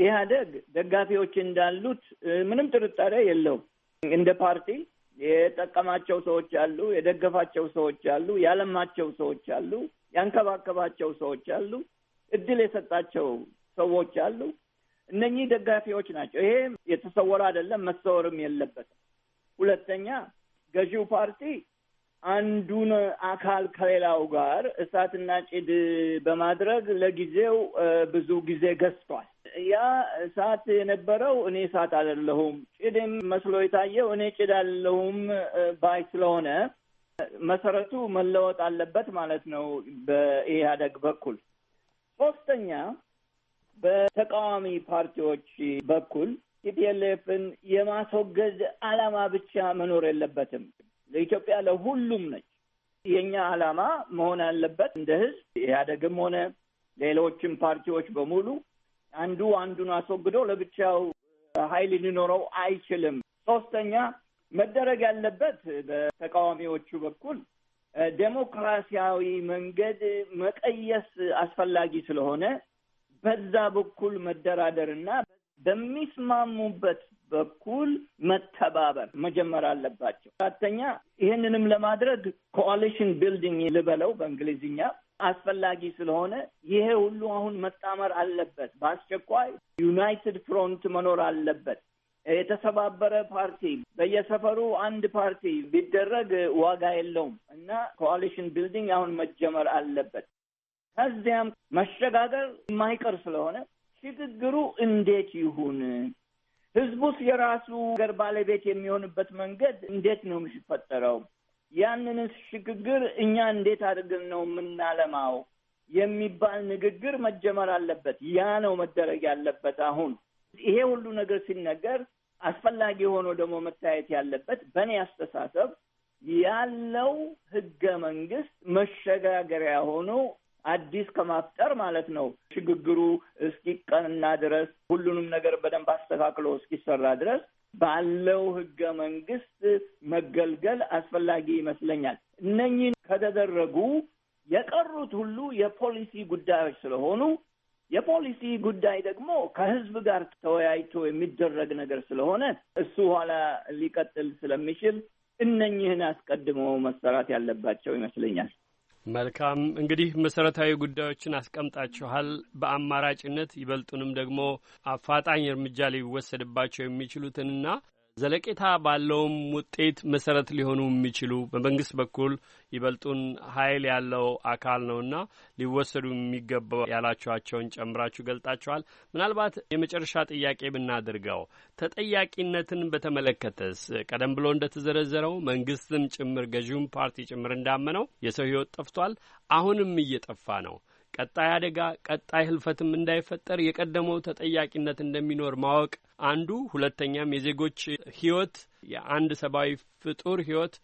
ኢህአደግ ደጋፊዎች እንዳሉት ምንም ጥርጣሬ የለውም። እንደ ፓርቲ የጠቀማቸው ሰዎች አሉ፣ የደገፋቸው ሰዎች አሉ፣ ያለማቸው ሰዎች አሉ፣ ያንከባከባቸው ሰዎች አሉ፣ እድል የሰጣቸው ሰዎች አሉ። እነኚህ ደጋፊዎች ናቸው። ይሄ የተሰወረ አይደለም፣ መሰወርም የለበትም። ሁለተኛ ገዢው ፓርቲ አንዱን አካል ከሌላው ጋር እሳትና ጭድ በማድረግ ለጊዜው ብዙ ጊዜ ገዝቷል። ያ እሳት የነበረው እኔ እሳት አይደለሁም ጭድም መስሎ የታየው እኔ ጭድ አይደለሁም ባይ ስለሆነ መሰረቱ መለወጥ አለበት ማለት ነው በኢህአደግ በኩል። ሶስተኛ በተቃዋሚ ፓርቲዎች በኩል ቲፒኤልኤፍን የማስወገድ ዓላማ ብቻ መኖር የለበትም። ለኢትዮጵያ ለሁሉም ነች። የእኛ ዓላማ መሆን ያለበት እንደ ህዝብ ኢህአደግም ሆነ ሌሎችም ፓርቲዎች በሙሉ አንዱ አንዱን አስወግዶ ለብቻው ኃይል ሊኖረው አይችልም። ሶስተኛ መደረግ ያለበት በተቃዋሚዎቹ በኩል ዴሞክራሲያዊ መንገድ መቀየስ አስፈላጊ ስለሆነ በዛ በኩል መደራደር እና በሚስማሙበት በኩል መተባበር መጀመር አለባቸው። አራተኛ ይህንንም ለማድረግ ኮአሊሽን ቢልዲንግ ልበለው በእንግሊዝኛ አስፈላጊ ስለሆነ ይሄ ሁሉ አሁን መጣመር አለበት። በአስቸኳይ ዩናይትድ ፍሮንት መኖር አለበት። የተሰባበረ ፓርቲ በየሰፈሩ አንድ ፓርቲ ቢደረግ ዋጋ የለውም እና ኮአሊሽን ቢልዲንግ አሁን መጀመር አለበት። ከዚያም መሸጋገር የማይቀር ስለሆነ ሽግግሩ እንዴት ይሁን? ህዝቡስ የራሱ ገር ባለቤት የሚሆንበት መንገድ እንዴት ነው የሚፈጠረው? ያንንስ ሽግግር እኛ እንዴት አድርገን ነው የምናለማው የሚባል ንግግር መጀመር አለበት። ያ ነው መደረግ ያለበት። አሁን ይሄ ሁሉ ነገር ሲነገር አስፈላጊ ሆኖ ደግሞ መታየት ያለበት በእኔ አስተሳሰብ ያለው ህገ መንግስት መሸጋገሪያ ሆኖ አዲስ ከማፍጠር ማለት ነው። ሽግግሩ እስኪቀንና ድረስ ሁሉንም ነገር በደንብ አስተካክሎ እስኪሰራ ድረስ ባለው ህገ መንግስት መገልገል አስፈላጊ ይመስለኛል። እነኚህን ከተደረጉ የቀሩት ሁሉ የፖሊሲ ጉዳዮች ስለሆኑ የፖሊሲ ጉዳይ ደግሞ ከህዝብ ጋር ተወያይቶ የሚደረግ ነገር ስለሆነ እሱ ኋላ ሊቀጥል ስለሚችል እነኚህን አስቀድሞ መሰራት ያለባቸው ይመስለኛል። መልካም እንግዲህ መሰረታዊ ጉዳዮችን አስቀምጣችኋል። በአማራጭነት ይበልጡንም ደግሞ አፋጣኝ እርምጃ ሊወሰድባቸው የሚችሉትንና ዘለቄታ ባለውም ውጤት መሰረት ሊሆኑ የሚችሉ በመንግስት በኩል ይበልጡን ኃይል ያለው አካል ነውና ሊወሰዱ የሚገባ ያላችኋቸውን ጨምራችሁ ገልጣችኋል። ምናልባት የመጨረሻ ጥያቄ ብናድርገው ተጠያቂነትን በተመለከተስ ቀደም ብሎ እንደተዘረዘረው መንግስትም ጭምር ገዢውም ፓርቲ ጭምር እንዳመነው የሰው ህይወት ጠፍቷል፣ አሁንም እየጠፋ ነው። ቀጣይ አደጋ ቀጣይ ህልፈትም እንዳይፈጠር የቀደመው ተጠያቂነት እንደሚኖር ማወቅ አንዱ ሁለተኛም የዜጎች ህይወት የአንድ ሰብአዊ ፍጡር ህይወት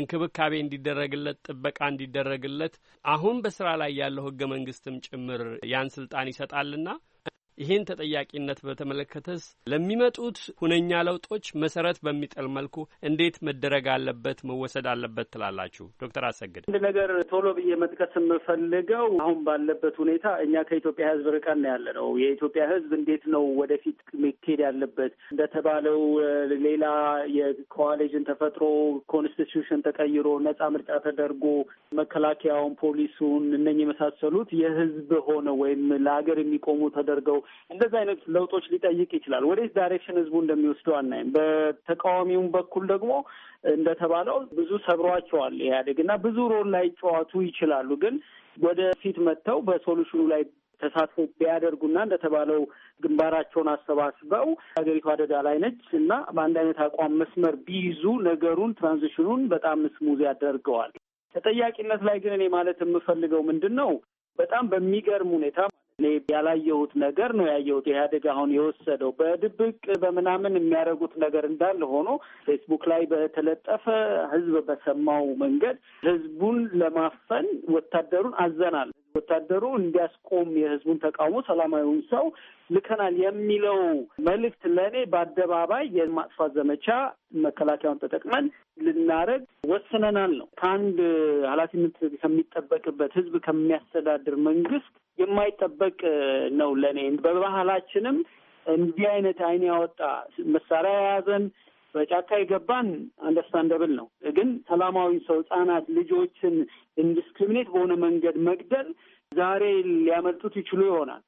እንክብካቤ እንዲደረግለት ጥበቃ እንዲደረግለት አሁን በስራ ላይ ያለው ህገ መንግስትም ጭምር ያን ስልጣን ይሰጣልና ይህን ተጠያቂነት በተመለከተስ ለሚመጡት ሁነኛ ለውጦች መሰረት በሚጥል መልኩ እንዴት መደረግ አለበት መወሰድ አለበት ትላላችሁ? ዶክተር አሰግድ አንድ ነገር ቶሎ ብዬ መጥቀስ የምፈልገው አሁን ባለበት ሁኔታ እኛ ከኢትዮጵያ ሕዝብ ርቀን ያለ ነው። የኢትዮጵያ ሕዝብ እንዴት ነው ወደፊት መሄድ ያለበት እንደተባለው ሌላ የኮዋሌጅን ተፈጥሮ ኮንስቲቱሽን ተቀይሮ ነጻ ምርጫ ተደርጎ መከላከያውን፣ ፖሊሱን እነ የመሳሰሉት የህዝብ ሆነ ወይም ለሀገር የሚቆሙ ተደርገው እንደዚህ አይነት ለውጦች ሊጠይቅ ይችላል። ወዴት ዳይሬክሽን ህዝቡ እንደሚወስደው አናይም። በተቃዋሚውም በኩል ደግሞ እንደተባለው ብዙ ሰብሯቸዋል ኢህአዴግ እና ብዙ ሮል ላይ ጨዋቱ ይችላሉ። ግን ወደፊት መጥተው በሶሉሽኑ ላይ ተሳትፎ ቢያደርጉና እንደተባለው ግንባራቸውን አሰባስበው ሀገሪቱ አደጋ ላይ ነች እና በአንድ አይነት አቋም መስመር ቢይዙ ነገሩን ትራንዚሽኑን በጣም ስሙዝ ያደርገዋል። ተጠያቂነት ላይ ግን እኔ ማለት የምፈልገው ምንድን ነው፣ በጣም በሚገርም ሁኔታ እኔ ያላየሁት ነገር ነው ያየሁት። ኢህአዴግ አሁን የወሰደው በድብቅ በምናምን የሚያደርጉት ነገር እንዳለ ሆኖ ፌስቡክ ላይ በተለጠፈ ህዝብ በሰማው መንገድ ህዝቡን ለማፈን ወታደሩን አዘናል፣ ወታደሩ እንዲያስቆም የህዝቡን ተቃውሞ ሰላማዊውን ሰው ልከናል የሚለው መልእክት ለእኔ በአደባባይ የማጥፋት ዘመቻ መከላከያውን ተጠቅመን ልናረግ ወስነናል ነው ከአንድ ኃላፊነት ከሚጠበቅበት ህዝብ ከሚያስተዳድር መንግስት የማይጠበቅ ነው ለእኔ። በባህላችንም እንዲህ አይነት አይን ያወጣ መሳሪያ የያዘን በጫካ የገባን አንደርስታንደብል ነው። ግን ሰላማዊ ሰው ህጻናት፣ ልጆችን ኢንዲስክሪሚኔት በሆነ መንገድ መግደል ዛሬ ሊያመልጡት ይችሉ ይሆናል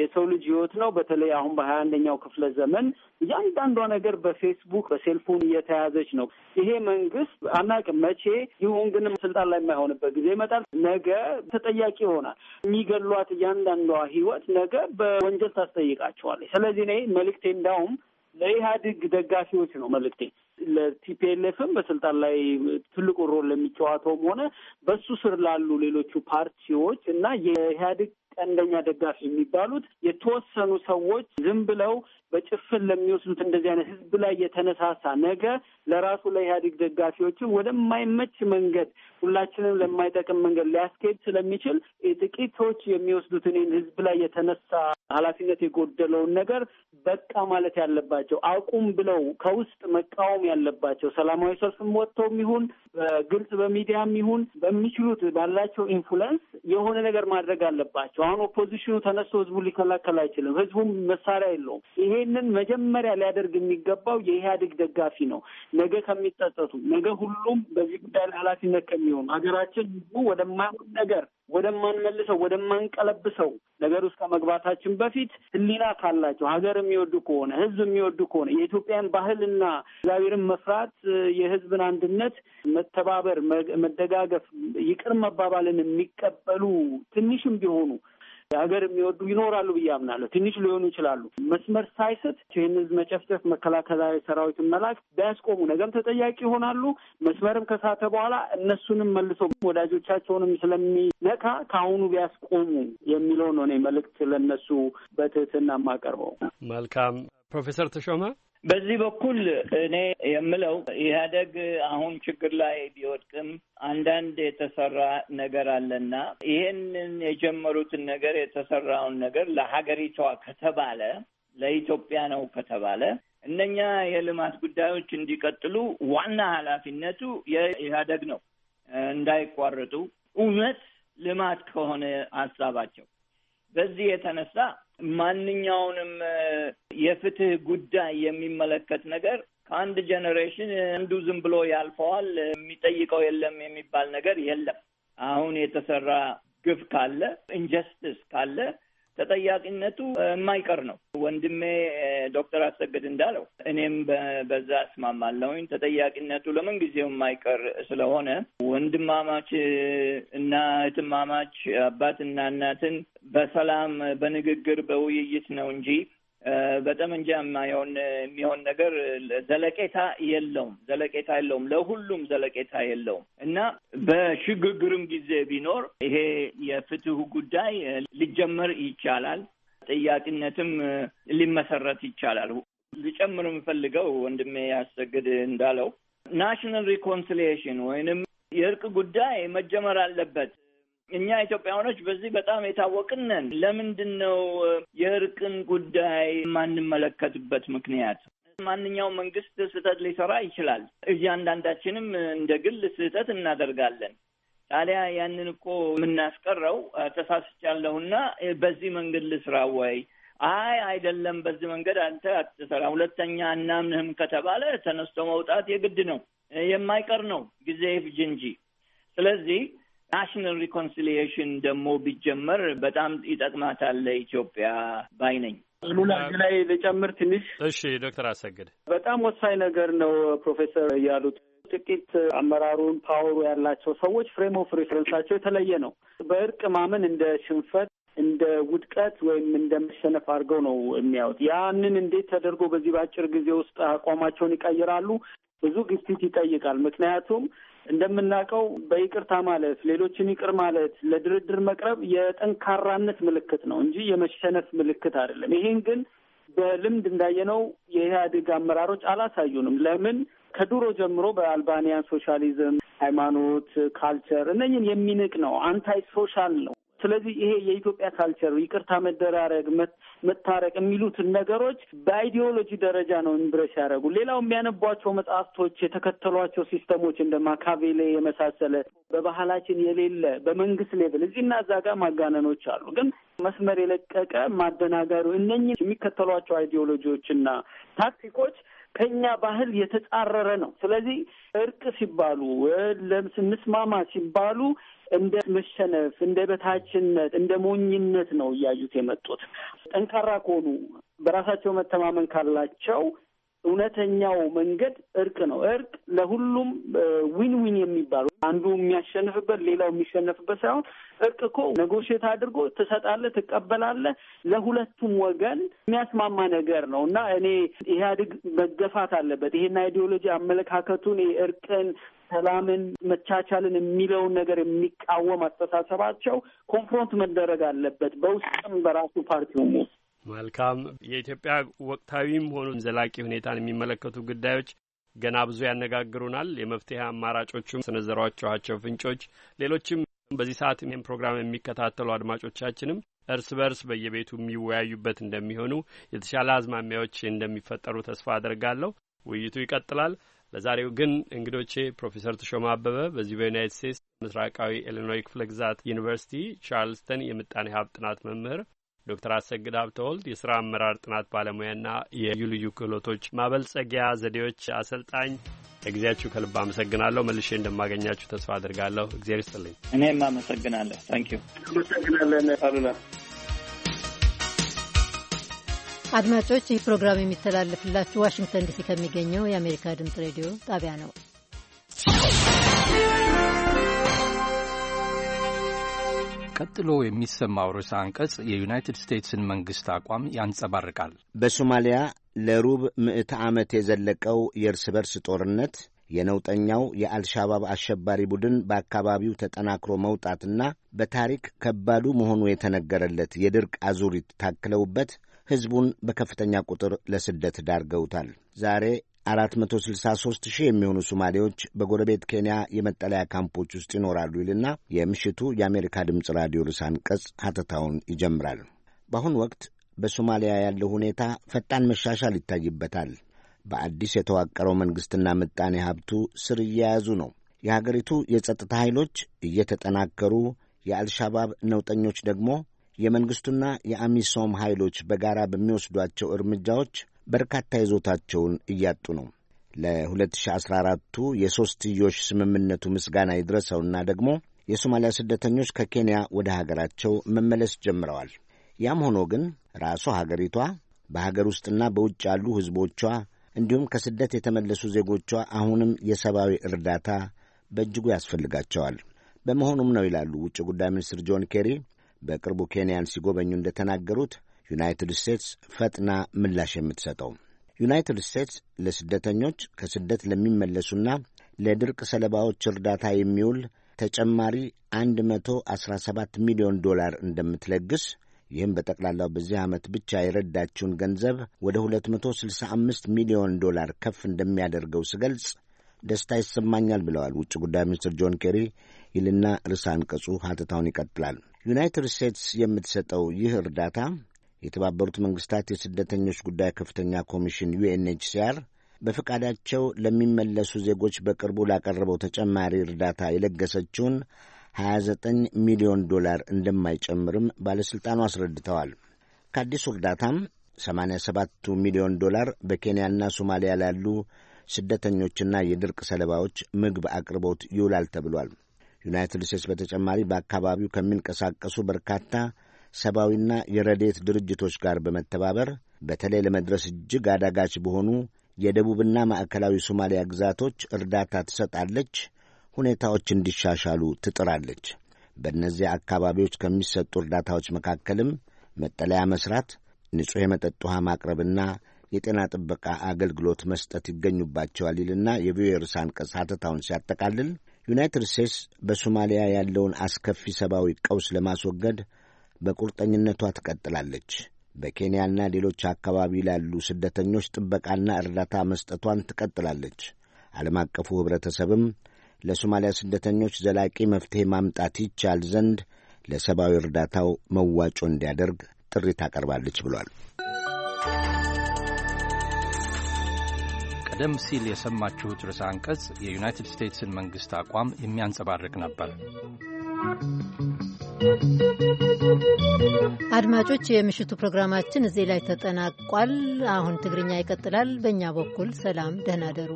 የሰው ልጅ ህይወት ነው። በተለይ አሁን በሀያ አንደኛው ክፍለ ዘመን እያንዳንዷ ነገር በፌስቡክ በሴልፎን እየተያዘች ነው። ይሄ መንግስት አናውቅም መቼ ይሁን ግን ስልጣን ላይ የማይሆንበት ጊዜ ይመጣል። ነገ ተጠያቂ ይሆናል። የሚገሏት እያንዳንዷ ህይወት ነገ በወንጀል ታስጠይቃቸዋለች። ስለዚህ እኔ መልእክቴ እንዳውም ለኢህአዴግ ደጋፊዎች ነው መልእክቴ። ለቲፒኤልኤፍም በስልጣን ላይ ትልቁ ሮል ለሚጫወተውም ሆነ በሱ ስር ላሉ ሌሎቹ ፓርቲዎች እና የኢህአዴግ ቀንደኛ ደጋፊ የሚባሉት የተወሰኑ ሰዎች ዝም ብለው በጭፍን ለሚወስዱት እንደዚህ አይነት ህዝብ ላይ የተነሳሳ ነገ ለራሱ ለኢህአዴግ ደጋፊዎችን ወደማይመች መንገድ ሁላችንም ለማይጠቅም መንገድ ሊያስኬድ ስለሚችል ጥቂቶች የሚወስዱት እኔን ህዝብ ላይ የተነሳ ኃላፊነት የጎደለውን ነገር በቃ ማለት ያለባቸው አቁም ብለው ከውስጥ መቃወም ያለባቸው ሰላማዊ ሰልፍም ወጥተውም ይሁን በግልጽ በሚዲያም ይሁን በሚችሉት ባላቸው ኢንፍሉንስ የሆነ ነገር ማድረግ አለባቸው። አሁን ኦፖዚሽኑ ተነስቶ ህዝቡ ሊከላከል አይችልም። ህዝቡም መሳሪያ የለውም። ይሄንን መጀመሪያ ሊያደርግ የሚገባው የኢህአዴግ ደጋፊ ነው። ነገ ከሚጠጠቱ ነገ ሁሉም በዚህ ጉዳይ ላይ ኃላፊነት ከሚሆኑ ሀገራችን ህዝቡ ወደማይሆን ነገር ወደማንመልሰው ወደማንቀለብሰው ነገር ውስጥ ከመግባታችን በፊት ህሊና ካላቸው ሀገር የሚወዱ ከሆነ ህዝብ የሚወዱ ከሆነ የኢትዮጵያን ባህልና እግዚአብሔርን መፍራት የህዝብን አንድነት መተባበር፣ መደጋገፍ፣ ይቅር መባባልን የሚቀበሉ ትንሽም ቢሆኑ ሀገር የሚወዱ ይኖራሉ ብዬ አምናለሁ። ትንሽ ሊሆኑ ይችላሉ። መስመር ሳይስት ይህን ህዝብ መጨፍጨፍ፣ መከላከያ ሰራዊትን መላክ ቢያስቆሙ ነገም ተጠያቂ ይሆናሉ። መስመርም ከሳተ በኋላ እነሱንም መልሶ ወዳጆቻቸውንም ስለሚነካ ከአሁኑ ቢያስቆሙ የሚለው ነው እኔ መልእክት ለእነሱ በትህትና የማቀርበው። መልካም ፕሮፌሰር ተሾመ በዚህ በኩል እኔ የምለው ኢህአደግ አሁን ችግር ላይ ቢወድቅም አንዳንድ የተሰራ ነገር አለና ይሄንን የጀመሩትን ነገር የተሰራውን ነገር ለሀገሪቷ ከተባለ ለኢትዮጵያ ነው ከተባለ እነኛ የልማት ጉዳዮች እንዲቀጥሉ ዋና ኃላፊነቱ የኢህአደግ ነው። እንዳይቋረጡ እውነት ልማት ከሆነ ሀሳባቸው በዚህ የተነሳ ማንኛውንም የፍትህ ጉዳይ የሚመለከት ነገር ከአንድ ጀኔሬሽን አንዱ ዝም ብሎ ያልፈዋል፣ የሚጠይቀው የለም የሚባል ነገር የለም። አሁን የተሰራ ግፍ ካለ ኢንጀስቲስ ካለ ተጠያቂነቱ የማይቀር ነው። ወንድሜ ዶክተር አሰግድ እንዳለው እኔም በዛ አስማማለውኝ ተጠያቂነቱ ለምን ጊዜው የማይቀር ስለሆነ ወንድማማች እና እህትማማች አባትና እናትን በሰላም በንግግር በውይይት ነው እንጂ በጠመንጃ የማይሆን የሚሆን ነገር ዘለቄታ የለውም። ዘለቄታ የለውም። ለሁሉም ዘለቄታ የለውም እና በሽግግርም ጊዜ ቢኖር ይሄ የፍትሁ ጉዳይ ሊጀመር ይቻላል። ጥያቄነትም ሊመሰረት ይቻላል። ሊጨምር የምፈልገው ወንድሜ ያሰግድ እንዳለው ናሽናል ሪኮንሲሊየሽን ወይንም የእርቅ ጉዳይ መጀመር አለበት። እኛ ኢትዮጵያውያኖች በዚህ በጣም የታወቅን ነን። ለምንድን ነው የእርቅን ጉዳይ የማንመለከትበት ምክንያት? ማንኛውም መንግስት ስህተት ሊሰራ ይችላል። እያንዳንዳችንም እንደ ግል ስህተት እናደርጋለን። ታዲያ ያንን እኮ የምናስቀረው ተሳስቻለሁና በዚህ መንገድ ልስራ ወይ አይ አይደለም፣ በዚህ መንገድ አንተ አትሰራ፣ ሁለተኛ እናምንህም ከተባለ ተነስቶ መውጣት የግድ ነው። የማይቀር ነው፣ ጊዜ ይፍጅ እንጂ። ስለዚህ ናሽናል ሪኮንሲሊየሽን ደግሞ ቢጀመር በጣም ይጠቅማታል ለኢትዮጵያ ባይ ነኝ። ሉላ ላይ ልጨምር ትንሽ። እሺ ዶክተር አሰግድ በጣም ወሳኝ ነገር ነው ፕሮፌሰር ያሉት። ጥቂት አመራሩን ፓወሩ ያላቸው ሰዎች ፍሬም ኦፍ ሬፈረንሳቸው የተለየ ነው። በእርቅ ማመን እንደ ሽንፈት እንደ ውድቀት ወይም እንደ መሸነፍ አድርገው ነው የሚያዩት። ያንን እንዴት ተደርጎ በዚህ በአጭር ጊዜ ውስጥ አቋማቸውን ይቀይራሉ ብዙ ግፊት ይጠይቃል። ምክንያቱም እንደምናውቀው በይቅርታ ማለት ሌሎችን ይቅር ማለት ለድርድር መቅረብ የጠንካራነት ምልክት ነው እንጂ የመሸነፍ ምልክት አይደለም። ይሄን ግን በልምድ እንዳየነው የኢህአዴግ አመራሮች አላሳዩንም። ለምን? ከድሮ ጀምሮ በአልባንያ ሶሻሊዝም፣ ሃይማኖት፣ ካልቸር እነኝን የሚንቅ ነው። አንታይ ሶሻል ነው። ስለዚህ ይሄ የኢትዮጵያ ካልቸር ይቅርታ መደራረግ፣ መታረቅ የሚሉትን ነገሮች በአይዲዮሎጂ ደረጃ ነው ኢምብሬስ ያደረጉ። ሌላው የሚያነቧቸው መጽሐፍቶች የተከተሏቸው ሲስተሞች እንደ ማካቬሌ የመሳሰለ በባህላችን የሌለ በመንግስት ሌብል እዚህና እዛ ጋር ማጋነኖች አሉ ግን መስመር የለቀቀ ማደናገሩ እነኝህ የሚከተሏቸው አይዲዮሎጂዎችና ታክቲኮች ከኛ ባህል የተጻረረ ነው። ስለዚህ እርቅ ሲባሉ ስንስማማ ሲባሉ እንደ መሸነፍ፣ እንደ በታችነት፣ እንደ ሞኝነት ነው እያዩት የመጡት። ጠንካራ ከሆኑ በራሳቸው መተማመን ካላቸው እውነተኛው መንገድ እርቅ ነው። እርቅ ለሁሉም ዊን ዊን የሚባሉ አንዱ የሚያሸንፍበት ሌላው የሚሸነፍበት ሳይሆን እርቅ እኮ ነጎሼት አድርጎ ትሰጣለህ፣ ትቀበላለህ ለሁለቱም ወገን የሚያስማማ ነገር ነው እና እኔ ኢህአዴግ መገፋት አለበት ይሄን አይዲዮሎጂ አመለካከቱን እርቅን ሰላምን መቻቻልን የሚለውን ነገር የሚቃወም አስተሳሰባቸው ኮንፍሮንት መደረግ አለበት በውስጥም በራሱ ፓርቲውም ውስጥ መልካም። የኢትዮጵያ ወቅታዊም ሆኑ ዘላቂ ሁኔታን የሚመለከቱ ጉዳዮች ገና ብዙ ያነጋግሩናል። የመፍትሄ አማራጮቹም ሰነዘሯቸኋቸው ፍንጮች፣ ሌሎችም በዚህ ሰዓት ይህን ፕሮግራም የሚከታተሉ አድማጮቻችንም እርስ በርስ በየቤቱ የሚወያዩበት እንደሚሆኑ የተሻለ አዝማሚያዎች እንደሚፈጠሩ ተስፋ አድርጋለሁ። ውይይቱ ይቀጥላል። ለዛሬው ግን እንግዶቼ ፕሮፌሰር ተሾማ አበበ በዚህ በዩናይት ስቴትስ ምስራቃዊ ኢሊኖይ ክፍለ ግዛት ዩኒቨርሲቲ ቻርልስተን የምጣኔ ሀብት ጥናት መምህር ዶክተር አሰግድ ሀብተወልድ የስራ አመራር ጥናት ባለሙያና የልዩ ልዩ ክህሎቶች ማበልጸጊያ ዘዴዎች አሰልጣኝ፣ ለጊዜያችሁ ከልብ አመሰግናለሁ። መልሼ እንደማገኛችሁ ተስፋ አድርጋለሁ። እግዜር ይስጥልኝ። እኔም አመሰግናለሁ። ታንክ ዩ። አመሰግናለን አሉላ። አድማጮች ይህ ፕሮግራም የሚተላለፍላችሁ ዋሽንግተን ዲሲ ከሚገኘው የአሜሪካ ድምጽ ሬዲዮ ጣቢያ ነው። ቀጥሎ የሚሰማው ርዕሰ አንቀጽ የዩናይትድ ስቴትስን መንግሥት አቋም ያንጸባርቃል። በሶማሊያ ለሩብ ምዕተ ዓመት የዘለቀው የእርስ በርስ ጦርነት የነውጠኛው የአልሻባብ አሸባሪ ቡድን በአካባቢው ተጠናክሮ መውጣትና በታሪክ ከባዱ መሆኑ የተነገረለት የድርቅ አዙሪት ታክለውበት ሕዝቡን በከፍተኛ ቁጥር ለስደት ዳርገውታል። ዛሬ 463 ሺህ የሚሆኑ ሶማሌዎች በጎረቤት ኬንያ የመጠለያ ካምፖች ውስጥ ይኖራሉ ይልና የምሽቱ የአሜሪካ ድምፅ ራዲዮ ርዕሰ አንቀጽ ሐተታውን ይጀምራል። በአሁኑ ወቅት በሶማሊያ ያለው ሁኔታ ፈጣን መሻሻል ይታይበታል። በአዲስ የተዋቀረው መንግሥትና ምጣኔ ሀብቱ ስር እየያዙ ነው። የሀገሪቱ የጸጥታ ኃይሎች እየተጠናከሩ፣ የአልሻባብ ነውጠኞች ደግሞ የመንግሥቱና የአሚሶም ኃይሎች በጋራ በሚወስዷቸው እርምጃዎች በርካታ ይዞታቸውን እያጡ ነው። ለ2014ቱ የሦስትዮሽ ስምምነቱ ምስጋና ይድረሰውና ደግሞ የሶማሊያ ስደተኞች ከኬንያ ወደ ሀገራቸው መመለስ ጀምረዋል። ያም ሆኖ ግን ራሷ ሀገሪቷ በሀገር ውስጥና በውጭ ያሉ ሕዝቦቿ እንዲሁም ከስደት የተመለሱ ዜጎቿ አሁንም የሰብአዊ እርዳታ በእጅጉ ያስፈልጋቸዋል። በመሆኑም ነው ይላሉ ውጭ ጉዳይ ሚኒስትር ጆን ኬሪ በቅርቡ ኬንያን ሲጎበኙ እንደተናገሩት ዩናይትድ ስቴትስ ፈጥና ምላሽ የምትሰጠው። ዩናይትድ ስቴትስ ለስደተኞች ከስደት ለሚመለሱና ለድርቅ ሰለባዎች እርዳታ የሚውል ተጨማሪ 117 ሚሊዮን ዶላር እንደምትለግስ ይህም በጠቅላላው በዚህ ዓመት ብቻ የረዳችውን ገንዘብ ወደ 265 ሚሊዮን ዶላር ከፍ እንደሚያደርገው ስገልጽ ደስታ ይሰማኛል ብለዋል ውጭ ጉዳይ ሚኒስትር ጆን ኬሪ ይልና ርዕሰ አንቀጹ ሀተታውን ይቀጥላል። ዩናይትድ ስቴትስ የምትሰጠው ይህ እርዳታ የተባበሩት መንግስታት የስደተኞች ጉዳይ ከፍተኛ ኮሚሽን ዩኤንኤችሲአር በፈቃዳቸው ለሚመለሱ ዜጎች በቅርቡ ላቀረበው ተጨማሪ እርዳታ የለገሰችውን 29 ሚሊዮን ዶላር እንደማይጨምርም ባለሥልጣኑ አስረድተዋል። ከአዲሱ እርዳታም 87 ሚሊዮን ዶላር በኬንያና ሶማሊያ ላሉ ስደተኞችና የድርቅ ሰለባዎች ምግብ አቅርቦት ይውላል ተብሏል። ዩናይትድ ስቴትስ በተጨማሪ በአካባቢው ከሚንቀሳቀሱ በርካታ ሰብአዊና የረዴት ድርጅቶች ጋር በመተባበር በተለይ ለመድረስ እጅግ አዳጋች በሆኑ የደቡብና ማዕከላዊ ሶማሊያ ግዛቶች እርዳታ ትሰጣለች፣ ሁኔታዎች እንዲሻሻሉ ትጥራለች። በእነዚያ አካባቢዎች ከሚሰጡ እርዳታዎች መካከልም መጠለያ መስራት፣ ንጹሕ የመጠጥ ውሃ ማቅረብና የጤና ጥበቃ አገልግሎት መስጠት ይገኙባቸዋል ይልና የቪኦኤ ርዕሰ አንቀጽ ሐተታውን ሲያጠቃልል ዩናይትድ ስቴትስ በሶማሊያ ያለውን አስከፊ ሰብአዊ ቀውስ ለማስወገድ በቁርጠኝነቷ ትቀጥላለች። በኬንያና ሌሎች አካባቢ ላሉ ስደተኞች ጥበቃና እርዳታ መስጠቷን ትቀጥላለች። ዓለም አቀፉ ኅብረተሰብም ለሶማሊያ ስደተኞች ዘላቂ መፍትሔ ማምጣት ይቻል ዘንድ ለሰብአዊ እርዳታው መዋጮ እንዲያደርግ ጥሪ ታቀርባለች ብሏል። ቀደም ሲል የሰማችሁት ርዕሰ አንቀጽ የዩናይትድ ስቴትስን መንግሥት አቋም የሚያንጸባርቅ ነበር። አድማጮች፣ የምሽቱ ፕሮግራማችን እዚህ ላይ ተጠናቋል። አሁን ትግርኛ ይቀጥላል። በእኛ በኩል ሰላም፣ ደህና ደሩ።